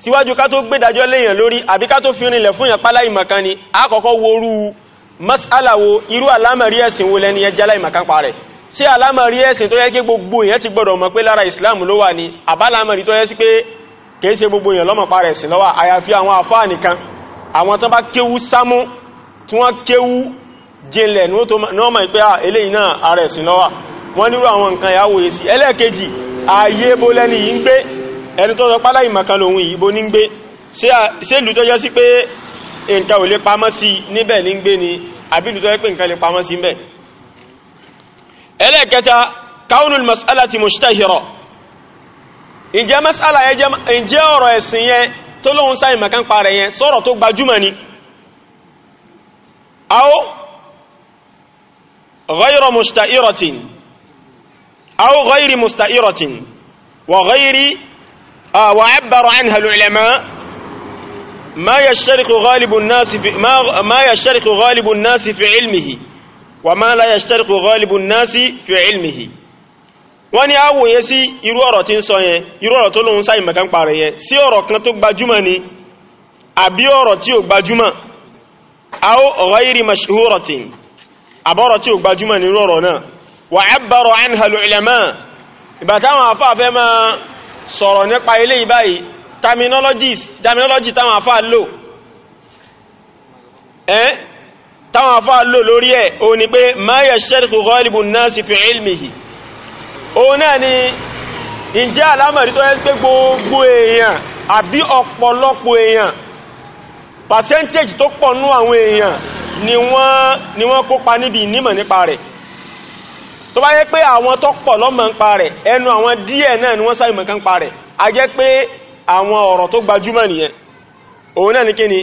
síwájú ká tó gbé dájọ́ léèyàn lórí àbí ká tó fi rinlẹ̀ fún yàn pálá ìmọ̀kan ni a kọ́kọ́ wo orú mas'ala wo irú alámọ̀rí ẹ̀sìn wo lẹ́ni ẹjẹ́ aláìmọ̀kan pa rẹ̀ sí alámọ̀rí ẹ̀sìn tó yẹ kí gbogbo èèyàn ti gbọ́dọ̀ mọ̀ pé lára Islam ló wà ní àbálámọ̀rí tó yẹ sí pé kìí ṣe gbogbo èèyàn lọ́mọ̀ pa rẹ̀ sí lọ́wà àyàfi àwọn àfáà nìkan àwọn tán bá kéwú sámú tí wọ́n kéwú jinlẹ̀ ní ọmọ ìpẹ́ eléyìí náà ara ẹ̀sìn lọ́wà wọ́n nírú àwọn nǹkan ìyàwó èsì ẹlẹ́ẹ̀kejì ààyè bó lẹ́ni yìí ń gbé ẹni tó sọ pálá ìmọ̀kan lòun ìyíbo ní ń gbé ṣé ìlú tó yẹ sí pé nǹkan ò lè pamọ́ sí níbẹ̀ ní ń gbé ni àbí ìlú tó yẹ pé nǹkan lè pamọ́ sí níbẹ̀ ẹlẹ́ẹ̀kẹta kaunul mas'alati mushtahira ǹjẹ́ mas'ala yẹn ǹjẹ́ ọ̀rọ̀ ẹ̀sìn yẹn tó lóun sáyìn mọ̀kan parẹ̀ yẹn sọ̀rọ̀ tó gbajúmọ̀ ni aw ghayra mushtahiratin أو غير مستئرة وغير آه وعبر عنها العلماء ما يشترك غالب الناس في ما ما يشترك غالب الناس في علمه وما لا يشترك غالب الناس في علمه wọ́n ní àwòye sí irú ọ̀rọ̀ tí ń sọ yẹn irú ọ̀rọ̀ tó lóun sáyìn mẹ́kan pààrẹ̀ yẹn sí ọ̀rọ̀ kan tó gbajúmọ̀ ni àbí ọ̀rọ̀ tí ò gbajúmọ̀ aw ghayri mashhuratin àbọ̀rọ̀ tí ò gbajúmọ̀ ní irú ọ̀rọ̀ náà wà ẹ́bàrọ̀ àìhàlù ìlẹ̀mọ́ ìbàtáwọn àfáà fẹ́ ma sọ̀rọ̀ nípa ilé ìbáyìí terminology táwọn àfáà lò ẹ́ táwọn àfáà lò lórí ẹ̀ o ni pé máyà sẹ́rìkù gọ́ọ̀lìbù náà sì fi ilmihi o náà ni ìjẹ́ alámọ̀rí tó ẹ́sì pé gbogbo èèyàn àbí percentage tó pọ̀ nú àwọn èèyàn ni wọ́n kópa níbi ìnímọ̀ nípa rẹ̀ tó bá yẹ pé àwọn tó pọ̀ lọ́mọ̀ ń pa rẹ̀ ẹnu àwọn díẹ̀ náà ni wọ́n sáyìmọ̀ kan pa rẹ̀ a jẹ́ pé àwọn ọ̀rọ̀ tó gbajúmọ̀ nìyẹn òun náà ni kí ni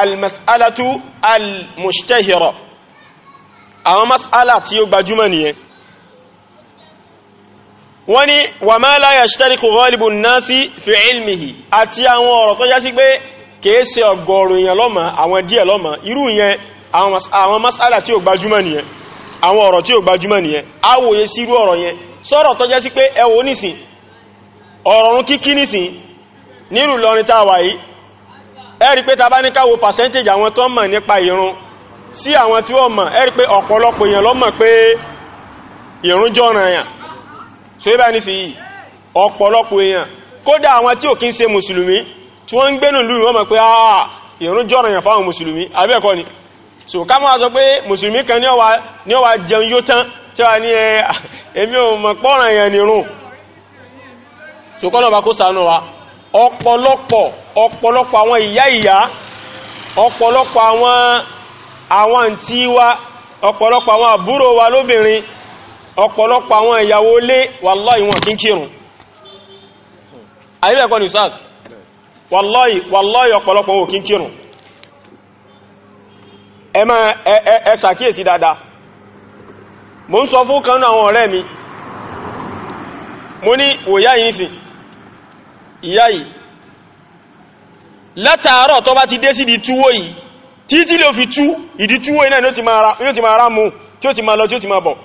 almasalatu almustahira àwọn masala tí ó gbajúmọ̀ nìyẹn wọ́n ni wà máa la yashtariku ghalibu nasi fi ilmihi àti àwọn ọ̀rọ̀ tó já pé kìí ṣe ọgọ́rùn-ún yẹn lọ́mọ̀ àwọn díẹ̀ lọ́mọ̀ irú yẹn àwọn masala tí ó gbajúmọ̀ nìyẹn àwọn ọ̀rọ̀ tí ó gbajúmọ̀ nìyẹn awòye sírú ọ̀rọ̀ yẹn sọ́rọ̀ tó jẹ́ sí pé ẹwọ nìsìn ọ̀rọ̀run kíkí nìsìn nírù lọrin tàwà yìí ẹ̀rí pé tàbá ní káwo percentage àwọn tó mọ̀ nípa ìrun sí àwọn tí wọ́n mọ̀ ẹ̀rí pé ọ̀pọ̀lọpọ̀ èèyàn ló mọ̀ pé ìrun jọ́ràn yàn so ibà nìsìn yìí ọ̀pọ̀lọpọ̀ èèyàn kódà àwọn tí ò kí ń ṣe mùsùlùmí tí wọ́n ń gbénú lú wọ́n mọ̀ pé ah ìrun jọ́ràn yàn fáwọn mùsùlùmí abẹ́ẹ̀kọ́ ni so ká mọ́ sọ pé mùsùlùmí kan ní ọwà jẹun yóò tán tí wà ní ẹ̀mí eh, o mọ̀ pọ́ràn èèyàn nìrún so kọ́nà bá kó sànú wa ọ̀pọ̀lọpọ̀ ọ̀pọ̀lọpọ̀ àwọn ìyá ìyá ọ̀pọ̀lọpọ̀ àwọn àwọn àǹtí wa ọ̀pọ̀lọpọ̀ àwọn àbúrò wa lóbìnrin ọ̀pọ̀lọpọ̀ àwọn ìyàwó lé wàláì wọn kí kírun àyíbẹ̀kọ́ ni sáà wàláì wàláì ọ̀pọ̀lọpọ̀ wọn kí ẹ ẹsàkíyèsí ẹ ṣàkíyèsí dáadáa mo ń sọ fún kanú àwọn ọ̀rẹ́ mi mo ní wòyá yìí sí ìyá yìí látàárọ̀ tó bá ti dé sí di túwó yìí títí fi tú ìdí túwó iná yóò ti máa rá mú tí ó ti máa lọ tí ó ti máa bọ̀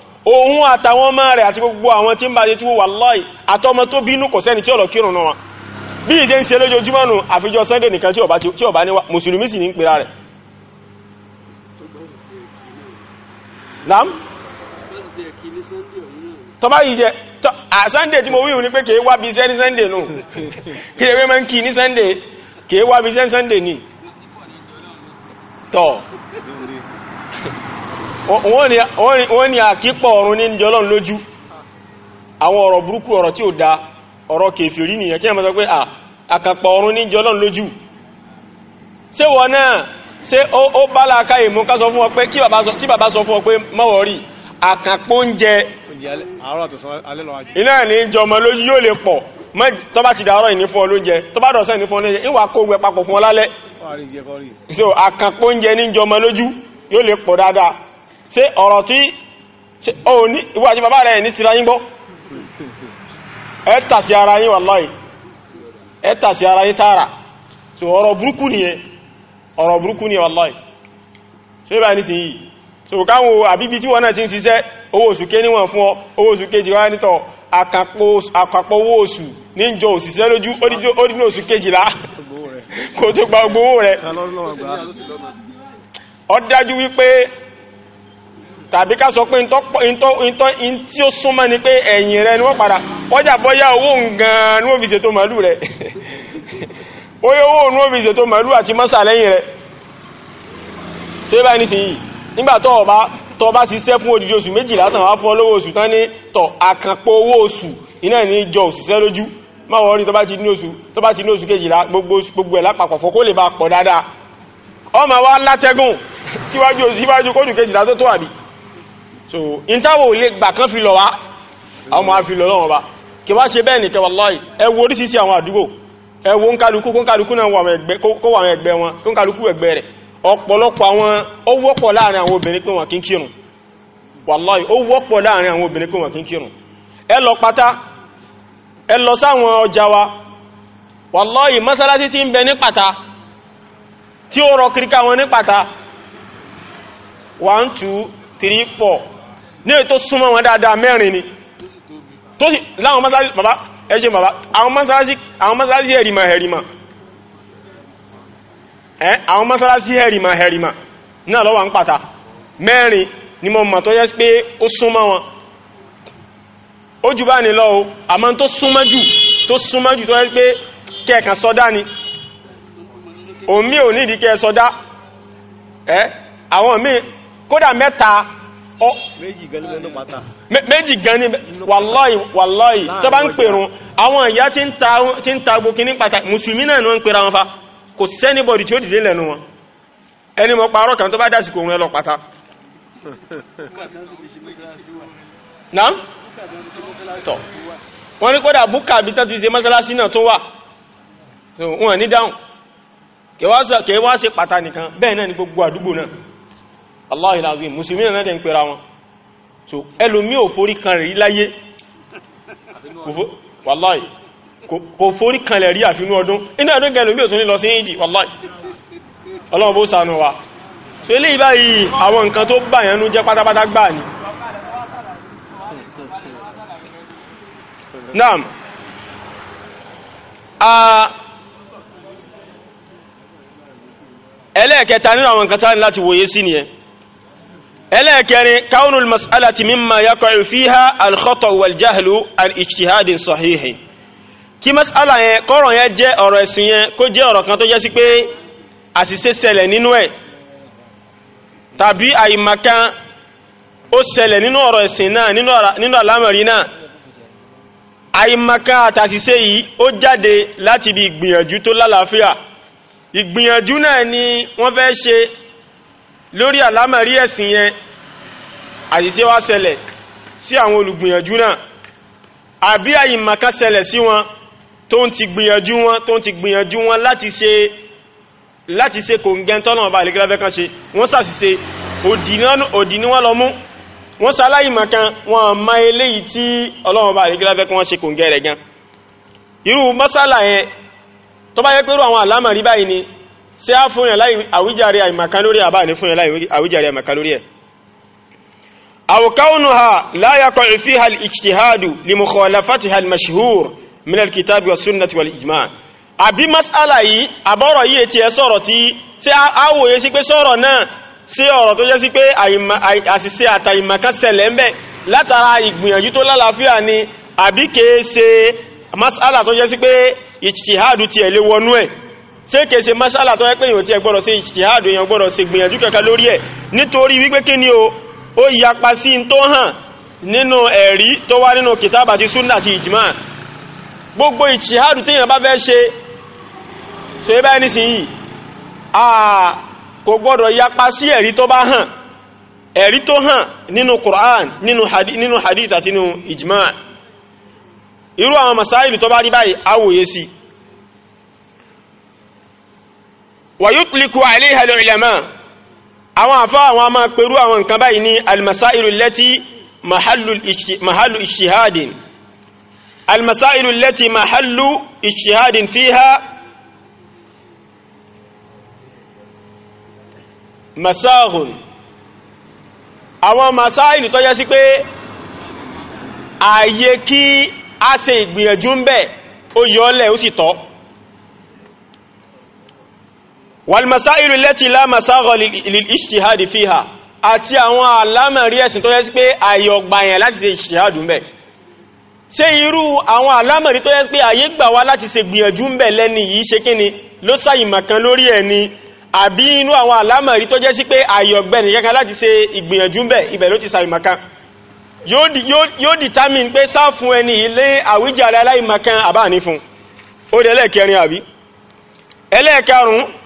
àtàwọn ọmọ rẹ̀ àti gbogbo àwọn tí ń bá àtọmọ tó bínú kò sẹ́ni tí kírùn sunday nìkan tí ní wá sì naam, tọba yi yìí jẹ́ a sunday ti mo wíwù ní pé kèé wá bí iṣẹ́ sunday nù kèé wé mọ́ ń kí ní sunday kèé wá bí sunday wọ́n ni àkípọ̀ ọ̀run ní jọlọ́n lójú àwọn ọ̀rọ̀ burúkú ọ̀rọ̀ tí ó da ọ̀rọ̀ kí a mọ́ sọ pé àkàpọ̀ ọ̀run ní jọlọ́n lójú náà ṣé ó bá láàká ìmú ká sọ fún ọ pé kí bàbá sọ fún ọ pé mọ́wọ̀rí àkànpó ń jẹ iná ní jọmọ lójú yóò lè pọ̀ tó bá ti dàárọ̀ ìní fún olóúnjẹ tó dọ̀sẹ̀ ìní fún olóúnjẹ ìwà kó gbẹ papọ̀ fún ọlálẹ́ so àkànpó ń jẹ ní jọmọ lójú yóò lè pọ̀ dáadáa ṣé ọ̀rọ̀ tí ìwà àti bàbá rẹ̀ ní síra yín gbọ́ ẹ tà sí ara yín wallahi ẹ tà sí ara yín tààrà so ọ̀rọ̀ burúkú nìyẹn ọ̀rọ̀ burúkú ni wallahi so ibà ní sin yìí so káwọn àbíbí tí wọ́n náà ti ń ṣiṣẹ́ owó oṣù ké níwọ̀n fún ọ owó oṣù kejì wá nítọ̀ àkàpọ̀ owó oṣù ní jọ òṣìṣẹ́ lójú orílẹ̀ oṣù kejìlá kò tó gba ogbówó rẹ̀ wípé tàbí ká pé in tí ó súnmọ́ pé ẹ̀yìn rẹ̀ ni wọ́n padà ngan ní ó yẹ owó òun òfìsè tó màlúù àti mọ́sà lẹ́yìn rẹ̀ tí ó bá ní sí yìí nígbà tó ọba tó bá ṣiṣẹ́ fún odidi oṣù méjìlá tàn wá fún olówó oṣù tán ní tọ̀ àkànpọ̀ owó oṣù iná ní jọ òṣìṣẹ́ lójú má wọ́n rí tó bá ti ní oṣù tó bá ti ní oṣù kejìlá gbogbo ẹ̀ lápapọ̀ fún kó lè bá pọ̀ dáadáa ọmọ wa látẹ́gùn síwájú síwájú kódù kejìlá tó tó àbí so ìntàwò lè gbà kan fi lọ wá àwọn máa fi lọ lọ́wọ́ bá kí wá ṣe ewu nkálukú kónkálukú náà kó wà ẹgbẹ́ wọn kónkálukú ẹgbẹ́ rẹ̀ ọ̀pọ̀lọpọ̀ àwọn ó láàrin àwọn obìnrin pé wọn wàláì láàrin àwọn obìnrin pé wọn pátá wa wàláì tí ń bẹ ní pàtà tí ó rọ kíríká wọn ní pàtà 1 2 3 4 ní ètò súnmọ́ wọn dáadáa mẹ́rin ni ẹṣẹ́ bàbá àwọn mọ́sálásí ẹ̀rìmà ẹ̀rìmà ẹ́ àwọn mọ́sálásí ẹ̀rìmà ẹ̀rìmà náà lọ́wà ń pàtà mẹ́rin ni mọ́ mọ̀ tó yẹ́ pé ó súnmọ́ wọn ó jù bá ní lọ o àmọ́ tó súnmọ́ jù tó súnmọ́ jù tó yẹ́ pé kẹ́ẹ̀kan ni ò nídìí kẹ́ẹ̀ àwọn míì kódà mẹ́ta méjì gan ní wàláì wàláì tó bá ń pèrún àwọn ìyá tí ń ta gbókí ní pàtàkì musulmi náà ní wọ́n ń pèrà wọn fa kò sẹ́nibọ̀dì tí ó dìde lẹ́nu wọn ẹni mọ́ parọ́ kan tó bá dásìkò òun ẹlọ pátá wọ́n ní kódà búkà bí tán ti ṣe mọ́sálásí náà tún wà wọ́n ní dáhùn kẹwàá ṣe pàtà nìkan bẹ́ẹ̀ náà ni gbogbo àdúgbò náà Allahi lazim musulmi náà tẹ́ ń pẹ́ra wọn so ẹlòmí ò forí kan rí láyé wàláì kò forí kan lẹ̀ rí àfinú ọdún inú ọdún gẹ ẹlòmí ò tún ní lọ sí ìdí wàláì ọlọ́run bó ṣàánú wa so ilé ìbáyìí àwọn nǹkan tó bàyànú jẹ́ pátápátá gbà ní naam ẹlẹ́ẹ̀kẹta nínú àwọn nǹkan tá ní láti wòye sí nìyẹn ẹlẹ́ẹ̀kẹrin kaunul mas'alati mimma yaqa'u fiha al-khata' wal-jahlu an ijtihadin sahihin kí mas'ala yẹn kọ́rọ̀ yẹn jẹ́ ọ̀rọ̀ ẹ̀sìn yẹn kó jẹ́ ọ̀rọ̀ kan tó jẹ́ sí pé àṣìṣe ṣẹlẹ̀ nínú ẹ̀ tàbí àìmàkan ó ṣẹlẹ̀ nínú ọ̀rọ̀ ẹ̀sìn náà nínú àlámọ̀rí náà àìmàkan àtàṣìṣe yìí ó jáde láti ibi ìgbìyànjú tó lálàáfíà ìgbìyànjú náà ni wọ́n fẹ́ ṣe lórí àlámẹ̀rí ẹ̀sìn yẹn àṣìṣe wá ṣẹlẹ̀ sí àwọn olùgbìyànjú náà àbí àyìmọ̀ká ṣẹlẹ̀ sí wọn tó ń ti gbìyànjú wọn tó ń ti gbìyànjú wọn láti ṣe láti ṣe kò ń gẹ́ tọ́nà ọba àlèkẹ́lá fẹ́ kan ṣe wọ́n ṣàṣìṣe òdì ni wọ́n lọ mú wọ́n ṣaláìmọ̀ kan wọ́n ma eléyìí tí ọlọ́run ọba àlèkẹ́lá fẹ́ kan wọ́n ṣe kò ń gẹ́ rẹ̀ gan irú bá yẹ ni sí á fún yàn láì àwíjàre àìmàkan lórí àbá ní fún yàn láì àwíjàre àìmàkan lórí ẹ̀ àwòkáwùnù ha láyàkọ̀ ìfí hal ìjtihadu lè mú kọ̀ọ̀láfàtì hal mashhur min alkitabi wa sunnati wal ijma àbí mas'ala yìí àbọ̀rọ̀ yìí ti ẹ sọ̀rọ̀ tí sí àwòye sí pé sọ̀rọ̀ náà sí ọ̀rọ̀ tó jẹ́ sí pé àṣìṣe àtàìmàkan ṣẹlẹ̀ ń bẹ látara ìgbìyànjú tó lálàáfíà ni àbí kèé mas'ala tó jẹ́ sí pé ìjtihadu ti ẹ̀ lè wọnú ẹ̀ ṣé kìí ṣe masala tó yẹ pé tí ẹ gbọ́dọ̀ ṣe ìṣìhádùn èèyàn gbọ́dọ̀ ṣe gbìyànjú kankan lórí ẹ̀ nítorí wípé kí ni o ó yapa sí tó hàn nínú ẹ̀rí tó wá nínú kìtàbà ti súnà ti ìjìmá gbogbo ìṣìhádùn téèyàn bá fẹ́ ṣe wa yutliku alayha al-ulama àwọn àfá àwọn a máa pẹ̀rú àwọn nǹkan báyìí ní almasailu lẹ́tí mahallu ijtihadin almasailu lẹ́tí mahallu ijtihadin fiha masahun àwọn masailu tó yẹ sí pé ààyè kí a ṣe ìgbìyànjú ń bẹ ó yọ́lẹ̀ ó sì tọ́ walmasailu lẹ́tí lámasáró lil-ijtihadi fiha àti àwọn alámẹ̀rí ẹ̀sìn tó yẹ sí pé àyè ọgbàyàn láti ṣe ijtihadu ń bẹ̀ ṣe irú àwọn alámẹ̀rí tó yẹ sí pé àyè gbà wá láti ṣe gbìyànjú ń bẹ̀ lẹ́ni yìí ṣe kíni ló sàìmọ̀kan lórí ẹ̀ ni àbí inú àwọn alámẹ̀rí tó jẹ́ sí pé àyè ọgbẹ̀ni kankan láti ṣe ìgbìyànjú ń bẹ̀ ibẹ̀ ló ti sàìmọ̀kan yóò determine pé sá fún ẹni ilé àwíjàre aláìmọ̀kan àbáà ní fún ó dẹ̀ ẹlẹ́ẹ̀kẹrin àbí ẹlẹ́ẹ̀karùn-ún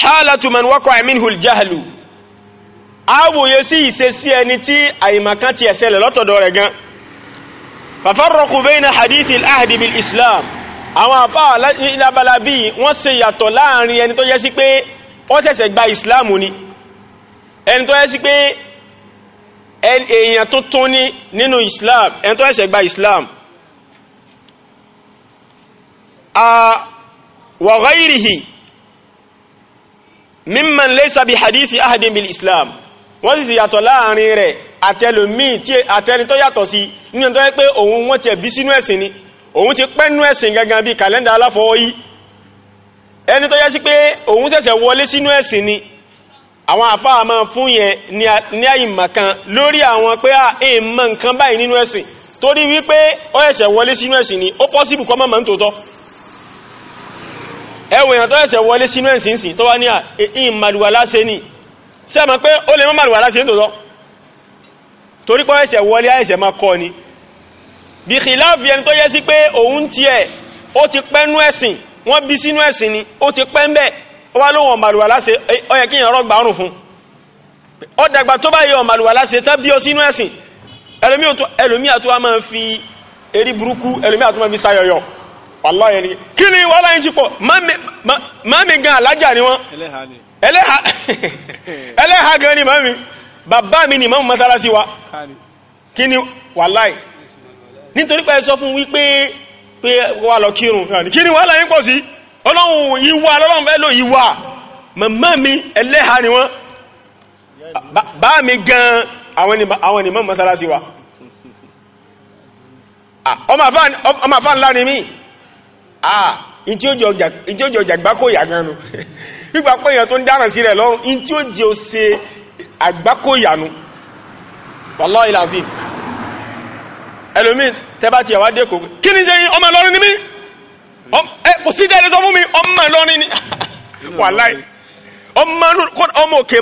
hálàtù man waqa'a minhu al-jahlu àwòye sí ìṣe sí ẹni tí àìmàkan ti ẹ̀sẹ̀lẹ̀ lọ́tọ̀dọ̀ rẹ̀ gan fafarraqu bayna hadith al-ahdi bil islam àwọn àfá ìlàbàlà bí wọ́n ṣe yàtọ̀ láàrin ẹni tó yẹ sí pé ó ṣẹ̀ṣẹ̀ gba islam ni ẹni tó yẹ sí pé èèyàn tó tún ní nínú islam ẹni tó ṣẹ̀ṣẹ̀ gba islam wa ghayrihi mímọ̀n lẹ́sà bí hadithi ahadin bil islam wọ́n sì sì yàtọ̀ láàrin rẹ̀ àtẹlòmí tí àtẹni tó yàtọ̀ sí nínú tó yẹ pé òun wọ́n ti ẹ̀bí sínú ẹ̀sìn ni òun ti pẹ́ nú ẹ̀sìn gangan bí kàlẹ́ndà aláfọwọ́ yí ẹni tó yẹ sí pé òun ṣẹ̀ṣẹ̀ wọlé sínú ẹ̀sìn ni àwọn àfáà máa fún yẹn ní àyìnmà kan lórí àwọn pé à ń mọ nǹkan báyìí nínú ẹ̀sìn torí wípé ó ṣẹ̀ṣẹ̀ wọlé sínú ẹ̀sìn ni ó pọ́sibù kọ́ mọ́ mọ́ ń tòótọ́ ẹwọ èèyàn tó ẹ̀sẹ̀ wọlé sínú ẹ̀sìnsìn tó wá ní ah, ìyìn màlúwà láṣẹ ní sẹ́mọ̀ pé ó lè mọ́ màlúwà láṣẹ ní tòótọ́ torí pọ́ ẹ̀sẹ̀ wọlé ẹ̀sẹ̀ ma kọ́ ni bí kìláàfì ẹni tó yẹ sí pé òun ti ẹ̀ ó ti pẹ́ nú ẹ̀sìn wọ́n bí sínú ẹ̀sìn ni ó ti pẹ́ ń bẹ̀ ó wá lóhun màlúwà láṣẹ ó yẹ kí èèyàn rọ́gbà ọrùn fún ó dàgbà tó bá yọ màlúwà láṣẹ tán bí ó sínú ẹ̀sìn ẹlòmíà tó wá máa wàlá yẹn ni kí ni wàlá yẹn ti pọ̀ mami gan alájà ni wọ́n ẹlẹ́ha gan ni mami bàbá mi ni mami mọ́sálásí wa kí ni wàlá yẹn nítorí pé sọ fún wípé pé wà lọ kírun kí ni wàlá yẹn pọ̀ sí ọlọ́run ìwà lọ́lọ́run fẹ́ lò ìwà màmá mi ẹlẹ́ha ni wọ́n bá mi gan àwọn ni mami mọ́sálásí wa ah, ọmọ àfáà ńlá ni mí ah in tí ó jọ jàgbákò yà ganu nígbà pé èèyàn tó ń dáràn sí rẹ̀ lọ́rùn in tí ó jẹ ó ṣe àgbákò yànu wallahi lazim ẹlòmí tẹbá ti àwádé kò kí ní jẹ́ ọmọ lọ́rin ní mí kò sí jẹ́ ẹ̀rẹ́sọ fún mi ọmọ lọ́rin ní wallahi ọmọ òkè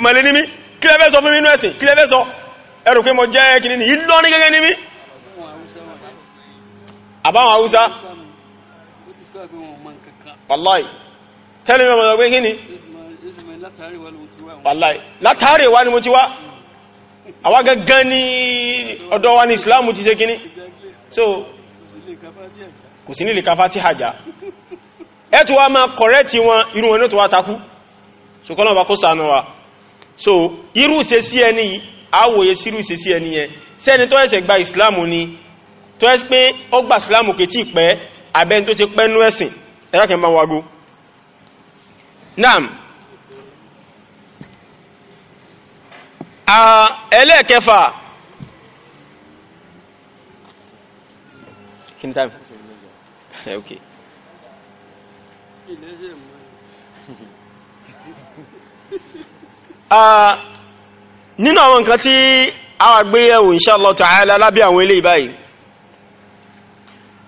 àbáwọn haúsá wàláì tẹ́lẹ̀ mẹ́mọ̀ ọgbẹ́ kí ni wàláì látàrí wá ni mo ti wá hmm. àwa gangan ní ọ̀dọ̀ wa ní Islam ti ṣe kí ni so kò sí nílé kafa tí hajjá ẹ̀tù wa máa kọ̀rẹ́tì wọn irú wọn ní tó wá takú so kọ́nà bá kó sànà wa so irú se sí ẹni yìí àwòye sírú Se sí ẹni yẹn sẹ́ni tó ẹ̀ṣẹ̀ gba Islam ni tó ẹ̀ṣẹ̀ pé ó gba Islam kè tí pẹ́ abẹ́ tó ti pẹ́nú ẹ̀sìn ẹ̀rọ́kẹ̀ bá wagó nínú àwọn nǹkan tí a wà gbé ẹ̀wò inshallah ta'ala lábẹ́ àwọn ilé ìbáyìí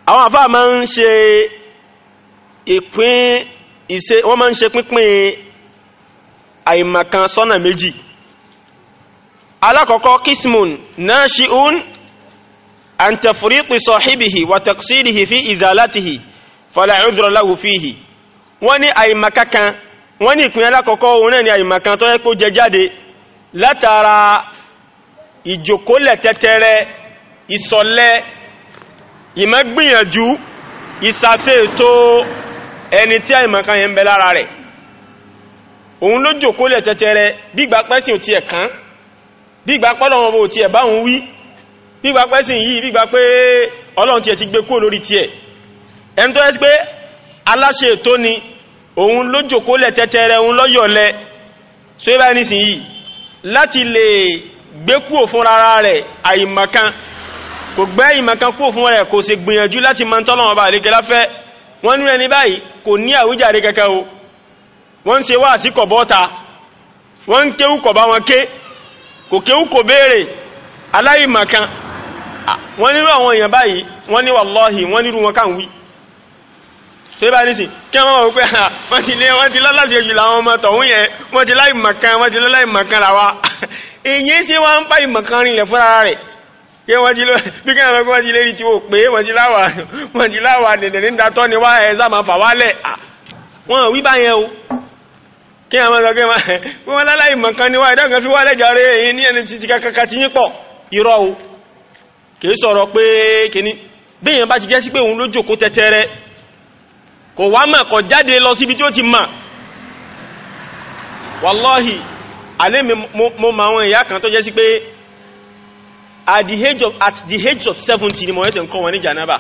àwọn àfáà máa ń ṣe ìpín ìṣe wọ́n máa ń ṣe pínpín àìmọ̀kan sọ́nà méjì alákọ̀ọ́kọ́ kismun nashi'un an tafriqi sahibihi wa taqsirihi fi izalatihi fala udhra lahu fihi wọ́n ní àìmọ̀kankan wọ́n ní ìpín alákọ̀ọ́kọ́ òun náà ni àìmọ̀kan tó yẹ kó jẹ jáde látara ìjòkólẹ̀ tẹ́tẹ́rẹ́ ìsọ̀lẹ̀ ìmọ̀ gbìyànjú ìsàsẹ́ ètò ẹni tí àìmọ̀kan yẹn ń bẹ lára rẹ̀ òun ló jòkólẹ̀ tẹ́tẹ́rẹ bígbà pẹ́sìn ò ti ẹ̀ kán bígbà pọ́lọ̀ wọn ò ti ẹ̀ bá òun wí bígbà pẹ́sìn yìí bígbà pé ọlọ́run ti ẹ̀ ti gbé kúrò lórí tiẹ̀ ẹni tó ẹ́sí pé aláṣẹ ètò ni òun ló jòkólẹ̀ tẹ́tẹ́rẹ òun lọ́yọ̀lẹ̀ so ibà nísìnyí láti lè gbé kúrò fúnra rẹ̀ àìmọ̀kan kò gbẹ́ ìmọ̀kan kó fún rẹ̀ kò sì gbìyànjú láti mọ́ tọ́lọ̀wọ́ bá àríkẹ láfẹ́ wọ́n ní ẹni báyìí kò ní àwíjàre kankan o wọ́n ṣe wá sí kọ̀bọ́ta wọ́n ń kéwú kọ̀bá wọn ké kò kéwú kò béèrè aláìmọ̀kan wọ́n nírú àwọn èèyàn báyìí wọ́n ní wàlọ́hì wọ́n nírú wọn káà ń wí ṣe bá yẹ wọ́n jí ló bí kí àwọn ẹgbẹ́ ilé rí tí ó pé wọ́n jí láwà wọ́n jí a. dẹ̀dẹ̀ ní ìdátọ́ ni wá ẹ̀ẹ́sà máa fà wálẹ̀ wọ́n wí o kí àwọn ọ̀gẹ́ wọ́n láláì mọ̀kan ni wá ìdákan fi wálẹ̀ jàre èyí ní ẹni títí kakaka ti yín pọ̀ irọ́ o kìí sọ̀rọ̀ pé kìíní bí èèyàn bá ti jẹ́ sí pé òun ló jòkó at the age of at the age of 70 ni mo yẹsẹ̀ nǹkan wọn ní janaba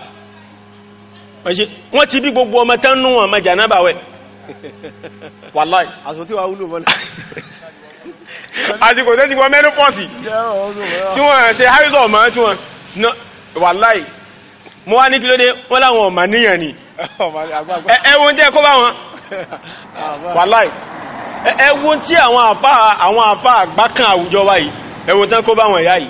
wọ́n ti bí gbogbo ọmọ tán nù wọn ma janaba wẹ̀ wàláì àsìkò tí wà wúlò mọ́ àsìkò tẹ́ ti wọ́n mẹ́rin pọ̀sì tí wọ́n ṣe haizọ ọmọ tí wọ́n wàláì mo wá ní kí ló dé wọ́n láwọn ọmọ níyàn ni ẹwọ́n tẹ́ kó bá wọn wàláì ẹwọ́n tí àwọn àfá àgbákan àwùjọ wáyìí ẹwọ́n tẹ́ kó bá wọn yáyìí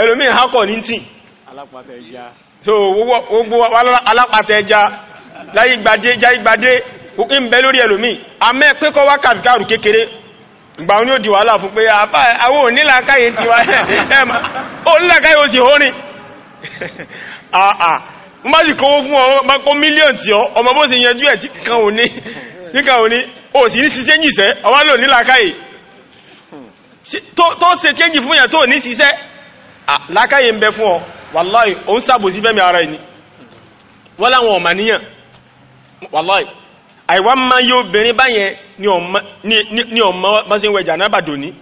ẹlòmí ìhákọ̀ ní tí so gbogbo alápàtà ẹja láyé gbadé jáyé gbadé ń bẹ lórí ẹlòmí amẹ́ pẹ́kọ́ wákàtí káàrù kékeré ìgbà oní wàhálà fún pé àwọn onílàkáyé ti wá ẹ̀mà onílàkáyé ò sì hmm. tó kéjì fún tó ní lákàyè ń bẹ fún ọ wàláì ó ń sàbòsí fẹ́mi ara ẹni wọ́n láwọn ọ̀mà níyàn wàláì àìwá ma yí obìnrin báyẹn ní ọmọ bá sí ń wẹ̀ jànábà dòní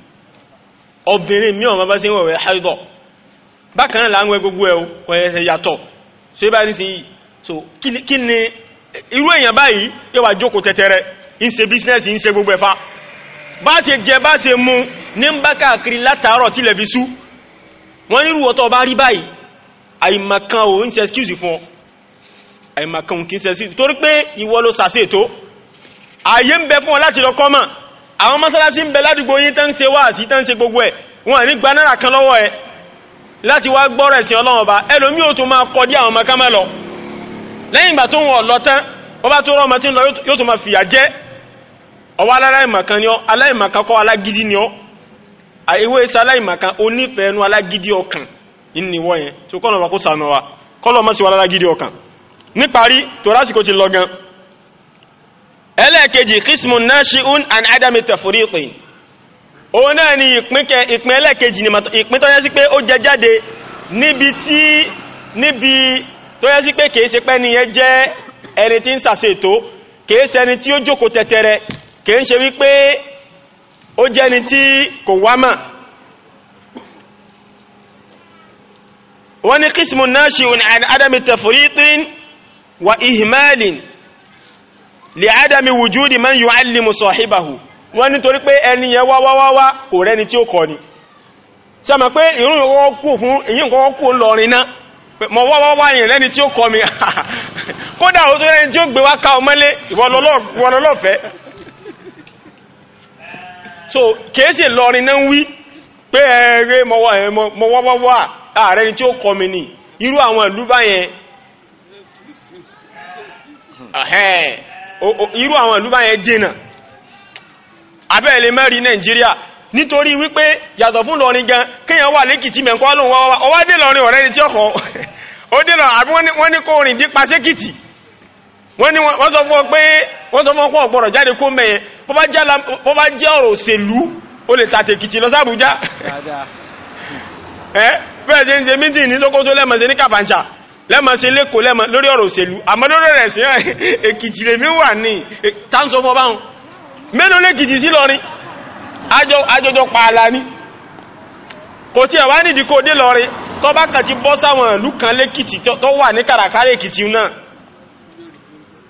obìnrin mí ọmọ bá sí ń wẹ̀ haidọ̀ bákan náà láwọn gbogbo ẹ̀ kọ̀ẹ̀ẹ̀sẹ̀ yàtọ̀ so ibá ní sí yìí so kí ni irú èèyàn báyìí yóò wà jókòó tẹ́tẹ́rẹ́ ń ṣe bísínẹ́sì ń ṣe gbogbo ẹ̀fà bá ṣe jẹ bá ṣe mú ní ń bá káàkiri látàárọ̀ tilẹ̀ fi sú wọ́n nírú ọ̀tọ̀ bá rí báyìí àìmọ̀kan ò ń ṣe excuse fún ọ àìmọ̀kan kì í ṣe excuse torí pé ìwọ ló sàṣètò ààyè ń bẹ fún ọ láti lọ kọ́mọ̀ àwọn mọ́sálásí ń bẹ ládùúgbò yín tán ṣe wá sí tán ṣe gbogbo ẹ̀ wọ́n ní gba náírà kan lọ́wọ́ ẹ láti wá gbọ́rọ̀ ẹ̀sìn Ọlọ́run ọba àìwé sáláìmàkan onífẹ̀ẹ́nu alágídí ọkàn ìníwọ́ yẹn tó kọ́nà wà kó sànà wa kọ́lọ̀ mọ́ sí wa lálágídí ọkàn níparí tó lásìkò ti lọ gan ẹlẹ́ẹ̀kejì qismun nashi'un an adami tafuriqi náà ni ìpín ni ìpín tó yẹ sí pé ó jẹ jáde níbi tí níbi tó ṣe pé nìyẹn jẹ́ ẹni tí ó jẹ́ ni tí kò wámà wọ́n ni kìsìmù náà ṣe òní adami tafuritin wa ihmalin lè adami wujudi man yu'allimu sahibahu wọ́n ni torí pé ẹni yẹn wáwáwáwá kò rẹ́ni tí ó kọ́ ni sẹ́mọ̀ pé ìrún ìkọ́kọ́ kú so keese lọrin náà ń wí pé mọwọ mọ̀wọ́wọ́wọ́ ààrẹ ni tí ó mi irú àwọn ìlú báyẹn irú àwọn ìlú báyẹn jìnà abẹ́ẹ̀lẹ̀ mẹ́rin Nàìjíríà nítorí wípé yàtọ̀ fún lọrin gan wà lẹ́kìtì mẹ́kọ́ lóun dé lọrin ọ̀rẹ́ ni tí ó dé lọ àbí wọ́n ní kó rìn dípa wọ́n ní wọ́n sọ fún ọ pé wọ́n sọ fún ọ gbọ́rọ̀ jáde kó mẹ́yẹn bó bá jẹ́ ọ̀rọ̀ òṣèlú o lè tàtẹ̀kìtì lọ sábújá ẹ́ bẹ́ẹ̀ ṣe ń ṣe mítì ní Sókótó lẹ́mọ̀ṣe ní Kàfàǹṣà lẹ́mọ̀ṣe lẹ́kọ̀ọ́ lẹ́mọ̀ lórí ọ̀rọ̀ òṣèlú àmọ́ lórí rẹ̀ sí èkìtì lè mí wà ní táǹsọ fọ́ báhùn mélòó lẹ́kìtì sí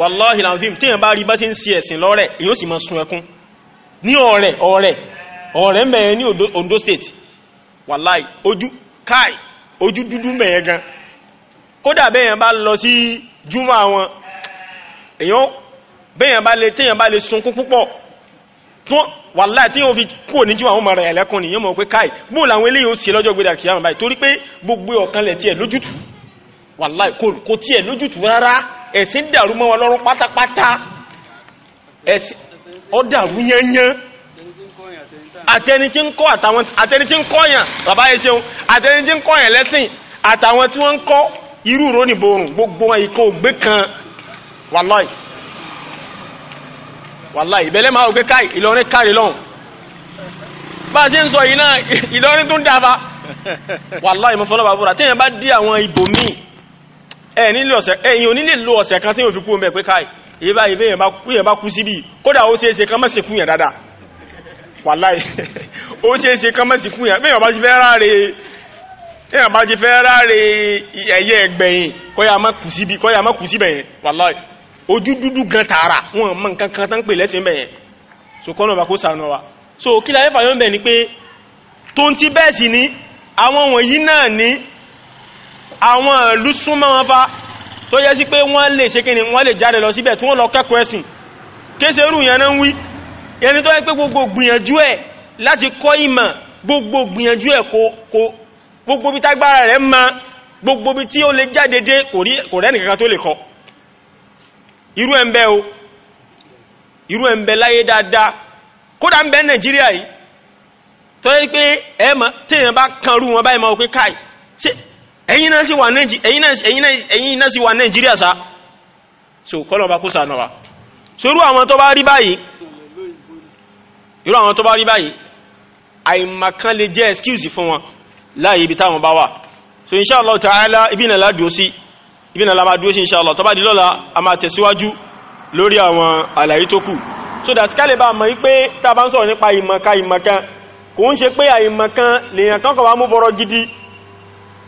wàláhì làǹfìm tí èyàn bá rí bá ti ń sí ẹ̀sìn lọ́rẹ̀ èyàn sì máa sun ẹkún ní ọ̀rẹ́ ọ̀rẹ́ ọ̀rẹ́ mẹ́rin ní Ondo State wàláhì ojú káì ojú dúdú mẹ́rin gan kódà bẹ́yàn bá lọ sí júmọ́ àwọn èyàn bẹ́yàn bá lè téyàn bá lè sunkún púpọ̀ wàláhì tí yóò fi kúrò ní júmọ́ àwọn ọmọ rẹ̀ ẹ̀lẹ́kùn nìyàn mọ̀ pé káì bóò làwọn eléyìí ó sì lọ́jọ́ gbéra kìí àwọn báyìí torí pé gbogbo ọ̀kan lẹ̀ tiẹ̀ lójútùú wàláhì kò tiẹ̀ lójútùú rárá ẹ̀sìn dàrú mọ́ wọn lọ́rùn pátápátá ẹ̀sìn ó dàrú yẹnyẹn àtẹni tí ń kọ́ àtàwọn àtẹni tí ń kọ́yàn bàbá yẹn ṣeun àtẹni tí ń kọ́yàn lẹ́sìn àtàwọn tí wọ́n ń kọ́ irú ìrónìborùn gbogbo ikọ̀ ògbé kan wàláì wàláì ìbẹ̀lẹ̀ máa ògbé káì Ìlọrin káre lọ́hùn bá a ṣe ń sọ yìí náà Ìlọrin tún dáfa wàláì mo fọlọ́ bàbúrà téèyàn bá dí àwọn ibòmíì ẹ̀yìn onílè lọ ọ̀sẹ̀ kan tí yóò fi kú mẹ́ pé káì ìbá ìbá èyàn bá kú síbí kódà ó ṣeéṣe kán mọ́sí kú yẹn dáadáa wàláì ó ṣeéṣe kán mọ́sí kú yẹn bẹ́yàn bá ti fẹ́ ráre ẹ̀yẹ ẹgbẹ̀yìn kọ́yà má kú síbẹ̀ yẹn wàláì ojú dúdú gan tààrà wọn mọ́ nǹkan kan so kọ́nà bá kó so kí láyé fàyọ́ bẹ̀ ni pé ni àwọn wọ̀nyí àwọn ìlú súnmọ́ wọn fa tó yẹ sí pé wọ́n lè ṣe kí ni wọ́n lè jáde lọ síbẹ̀ tí wọ́n lọ kẹ́kọ̀ọ́ ẹ̀sìn kése irú yẹn náà wí ẹni tó yẹ pé gbogbo gbìyànjú ẹ̀ láti kọ́ ìmọ̀ gbogbo gbìyànjú ẹ̀ kò gbogbo bí tágbára rẹ̀ ma gbogbo bí tí ó lè jáde dé kò rẹ́ nìkankan tó lè kọ́ irú ẹ̀ ń bẹ o irú ẹ̀ ń bẹ láyé dáadáa kódà ń bẹ Nàìjíríà yìí tó yẹ pé ẹ̀mọ́ tí èèyàn bá kan rú wọn báyìí mọ́ pé káì ẹ̀yin náà sì wà Nàìjíríà sá so kọlọ̀bá kó sànà wa so irú àwọn tó bá rí báyìí irú àwọn tó bá rí báyìí àìmàkan lè jẹ́ excuse fún wọn láàyè ibi táwọn bá wà so inṣáàlá ta'ala ibìnà ládùó sí ibìnà lábá dúó sí inṣáàlá tó bá di lọ́la a máa so that ká lè bá mọ̀ wípé tá a bá ń sọ̀rọ̀ nípa ìmọ̀kan ìmọ̀kan kò ń ṣe gidi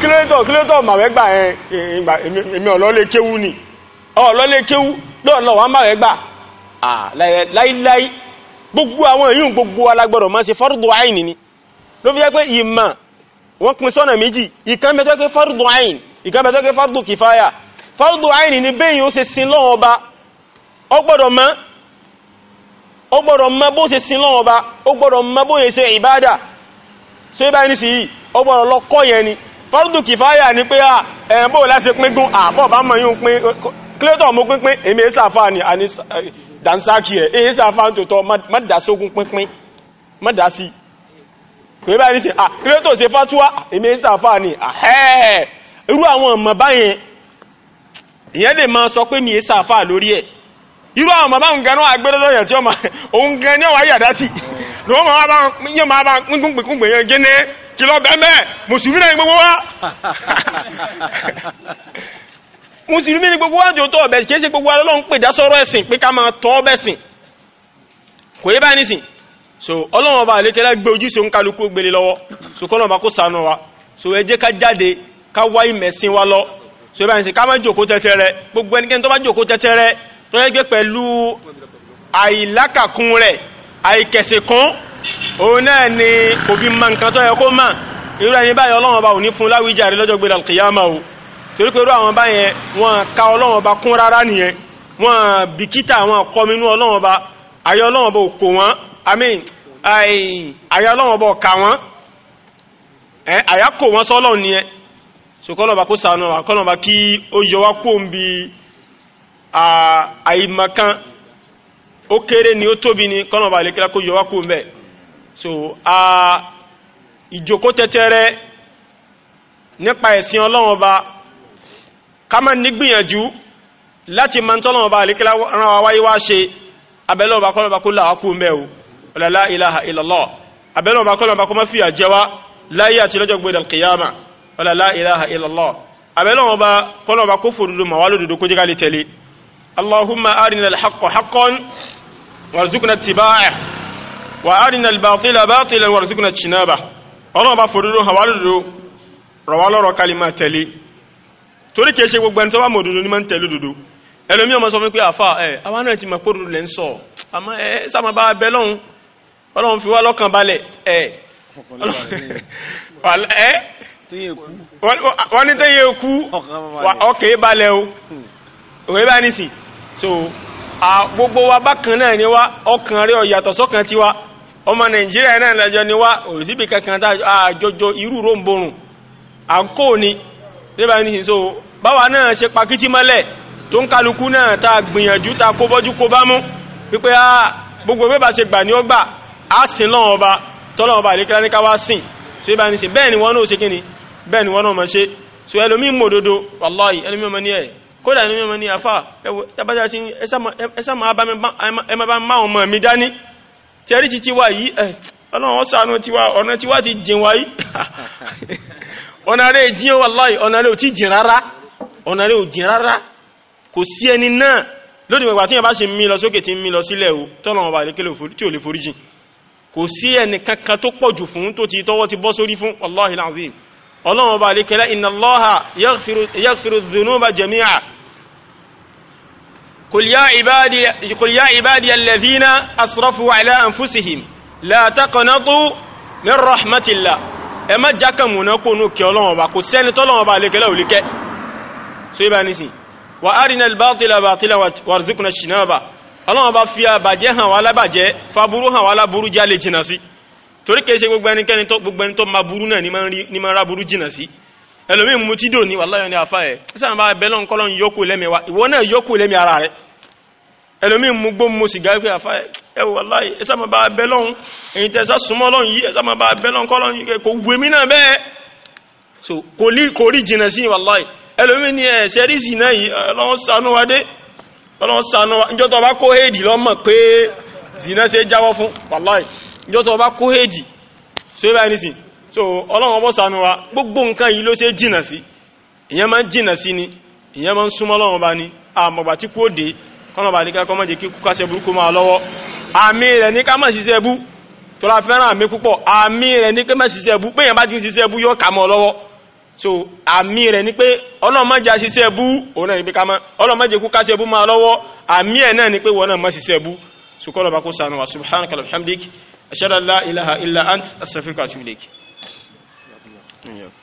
kílódọ̀ kílódọ̀ màwẹ́ gbà ẹ eh, eh, èmi ọ̀lọ́lé kéwú ni ọ̀lọ́lé kéwú lọ́ọ̀lọ́ wà màwẹ́ gbà láíláí ah, gbogbo àwọn èyí gbogbo alágbọ̀rọ̀ máa ṣe gbogbo awon ni ló fi jẹ́ pé ìmà wọ́n pín méjì ìkan tó ìkan tó kìfáyà ni bẹ́yìn ó ṣe sin lọ́wọ́ ọba ó gbọ́dọ̀ mọ̀ ó bó so ọgbọ̀rọ̀ lọ kọ́ yẹn ni fọ́rùdù kìfáyà ah, ah, ní pé ẹ̀bọ́ láti pínkún àbọ̀ bá mọ̀ yíò pín kílẹ́tọ̀ mú pínpín èmì ìsàfà ní dànsákì ẹ̀ èyí ìsàfà ń tòótọ́ mọ́dásógún pínpín mọ́dásí kílẹ́tọ̀ ah, ṣe fátúwá èmì ìsàfà ní àhẹ́ẹ̀ irú àwọn ọmọ báyẹn ìyẹn lè máa sọ pé mi ìsàfà lórí ẹ̀ irú àwọn ọmọ báyẹn ganan agbẹ́lẹ́lọ́yẹ̀ tí ó máa òun gan ní ọwà yàdá tí lọ́wọ́ máa bá ń pínkún pínpín yẹn gẹ́nẹ́ kí lọ bẹ́ẹ̀mẹ́ mùsùlùmí náà gbogbo wá mùsùlùmí ní gbogbo wá jò tó ọ̀bẹ̀ kìí ṣe gbogbo Ọlọ́run ń pè dásọ́rọ̀ ẹ̀sìn pé ká máa tọ́ ọbẹ̀ sìn kò yé báyìí nísìn so Ọlọ́run ọba àlékẹ́lá gbé ojúṣe ń kálukú gbélé lọ́wọ́ so kọ́nà ọba kó ṣàánú wa so ẹ jẹ́ ká jáde ká wá ìmẹ̀sìn wa lọ so báyìí nísìn ká má jòkó tẹ́tẹ́rẹ́ gbogbo ẹnikẹ́ni tó bá jòkó tẹ́tẹ́rẹ́ tó yẹ gbé pẹ̀lú àìlákàkún rẹ̀ àìkẹ̀sẹ̀kún òun náà ni òbí ma nǹkan tó yẹ kó mà irú ẹni báyìí ò ní fún láwíjàre lọ́jọ́ gbé al torí pé àwọn báyẹn wọn ka ọlọ́run ọba kún rárá nìyẹn wọn bìkítà wọn kọminú ọlọ́run ọba ayé ọlọ́run ọba ò wọn àmín ayé ọlọ́run ọba ò kà wọn àyà kò wọn sọ́lọ́run nìyẹn sòkọ́lọ́ ọba kó sànù bi ni ó tóbi ni so a ìjókòó tẹ́tẹ́rẹ́ nípa ẹ̀sìn ọlọ́run ọba ká má nígbìyànjú láti ma ń tọ́lọ́run ọba àlékílá ran wa wáyé wá ṣe abẹ́lẹ́ ọba kọ́lọ́ba kó là wá kú mẹ́ o la ilaha illallah abẹ́lẹ́ ọba kọ́lọ́ba kó má fìyà jẹ wá láyé àti lọ́jọ́ gbé dàlkìyàmà la ilaha illallah abẹ́lẹ́ ọba kọ́lọ́ba kó allahumma arina alhaqqa haqqan warzuqna ittiba'ah وأرنا الباطل باطلا وارزقنا اجتنابه ọlọ́run bá fòdúdó àwárùdó rọ̀wálọ́rọ̀ kalima tẹ̀lé torí kìí ṣe gbogbo ẹni tó bá mọ̀ òdúdó ní máa ń tẹ̀lé òdúdó ẹlòmí ọmọ sọ fún pé àfà ẹ̀ àwọn ẹ gbogbo wa bákan náà ni wá ọkàn rẹ̀ ọ̀yàtọ̀ sọ́kàn tiwa ọmọ nàìjíríà náà lẹ́jọ́ ni wá òsìbì kankan àjọjọ irú róǹborùn à ń kó ní lébà ní ìṣò báwa náà ṣe pakítí mọ́lẹ̀ tó ń kálukú náà ta gbìyànjú ta kó bọ́jú kó bá mú wípé a gbogbo bébà ṣe gbà ní ó gbà á sìn lọ́wọ́ ọba tọ́lọ́wọ́ ọba àríkà ní káwá sìn so ibà ní sìn bẹ́ẹ̀ ni wọ́n náà ṣe kíni bẹ́ẹ̀ ni wọ́n náà mọ̀ ṣe tẹ́rí ti tiwa yìí ẹ̀ eh, ọlọ́run ṣàánú tiwa ọ̀nà tiwa ti jìn wá yìí ọ̀nà rẹ̀ jín wallahi ọ̀nà rẹ̀ ò ti jìn rárá ọ̀nà rẹ̀ ò jìn rárá kò sí ẹni náà lódì mẹ́gbà tí yẹn bá ṣe mí lọ sókè tí ń mí lọ sílẹ̀ o tọ́nà ọba àdékẹ́lẹ̀ tí ò lè forí jìn kò sí ẹni kankan tó pọ̀ jù fún tó ti tọ́wọ́ ti bọ́ sórí fún wallahi alazim ọlọ́run ọba àdékẹ́lẹ̀ inna Allaha yaghfiru yaghfiru dhunuba jami'a قل يا عبادي قل يا عبادي الذين اسرفوا على انفسهم لا تقنطوا من رحمه الله ẹ má jákàmù náà kó nù kí ọlọ́wọ̀n bá kò sẹ́ni tọ́lọ́wọ̀n bá lékelẹ́ ò líkẹ́ so ibà nísìn wà arìnà albátila bátila wàrzíkùnà ṣìnáàbà ọlọ́wọ̀n bá fi àbàjẹ́ hàn wá lábàjẹ́ faburú hàn wá láburú já lè jìnà sí torí kèése gbogbo ẹnikẹ́ni tó ma burú náà ní ma ń rá burú jìnà sí ẹlòmí mú tí dò ní wàláyọ̀ ní àfá ẹ̀ sáà bá bẹ́lọ́ kọ́lọ́ yókù lẹ́mẹ̀wá ìwọ náà yókù lẹ́mẹ̀ ara rẹ̀ ẹlòmí mú gbó mú sì gáyé pé àfá ẹ̀ ẹwọ wàláyì ẹsàmà bá bẹ́lọ́ so kò rí kò rí jìnà sí ni ẹ̀ ṣe rí sí náà yìí ọlọ́run ṣàánú wa wa ìjọ́ tó bá kó héèdì lọ́mọ̀ pé zìnà ṣe jáwọ́ fún wàláyì so ọlọ́run ọbọ̀ sànú wa gbogbo nǹkan yìí ló ṣe jìnà sí ìyẹn máa ń jìnà sí ni ìyẹn máa ń súnmọ́ ọlọ́run ọba ni àmọ̀gbà tí kú ó dé kọ́nà bá ní kẹ́kọ́ mọ́jẹ kí kúkásẹ̀ burúkú máa lọ́wọ́ àmì rẹ̀ ní ká má ṣiṣẹ́ bú tọ́lá fẹ́ràn àmì púpọ̀ àmì rẹ̀ ní ká má ṣiṣẹ́ bú pé èèyàn bá ti ń ṣiṣẹ́ bú yóò kà mọ́ so àmì rẹ̀ ní pé ọlọ́run má jẹ́ ṣiṣẹ́ bú òun náà ní pé ká má ọlọ́run má jẹ́ kúkásẹ̀ bú máa lọ́wọ́ àmì ẹ̀ náà ní pé wọ́n náà má ṣiṣẹ́ so kọ́nà bá kó sànù alhamdik ashhadu ilaha illa ant astaghfiruka Yeah.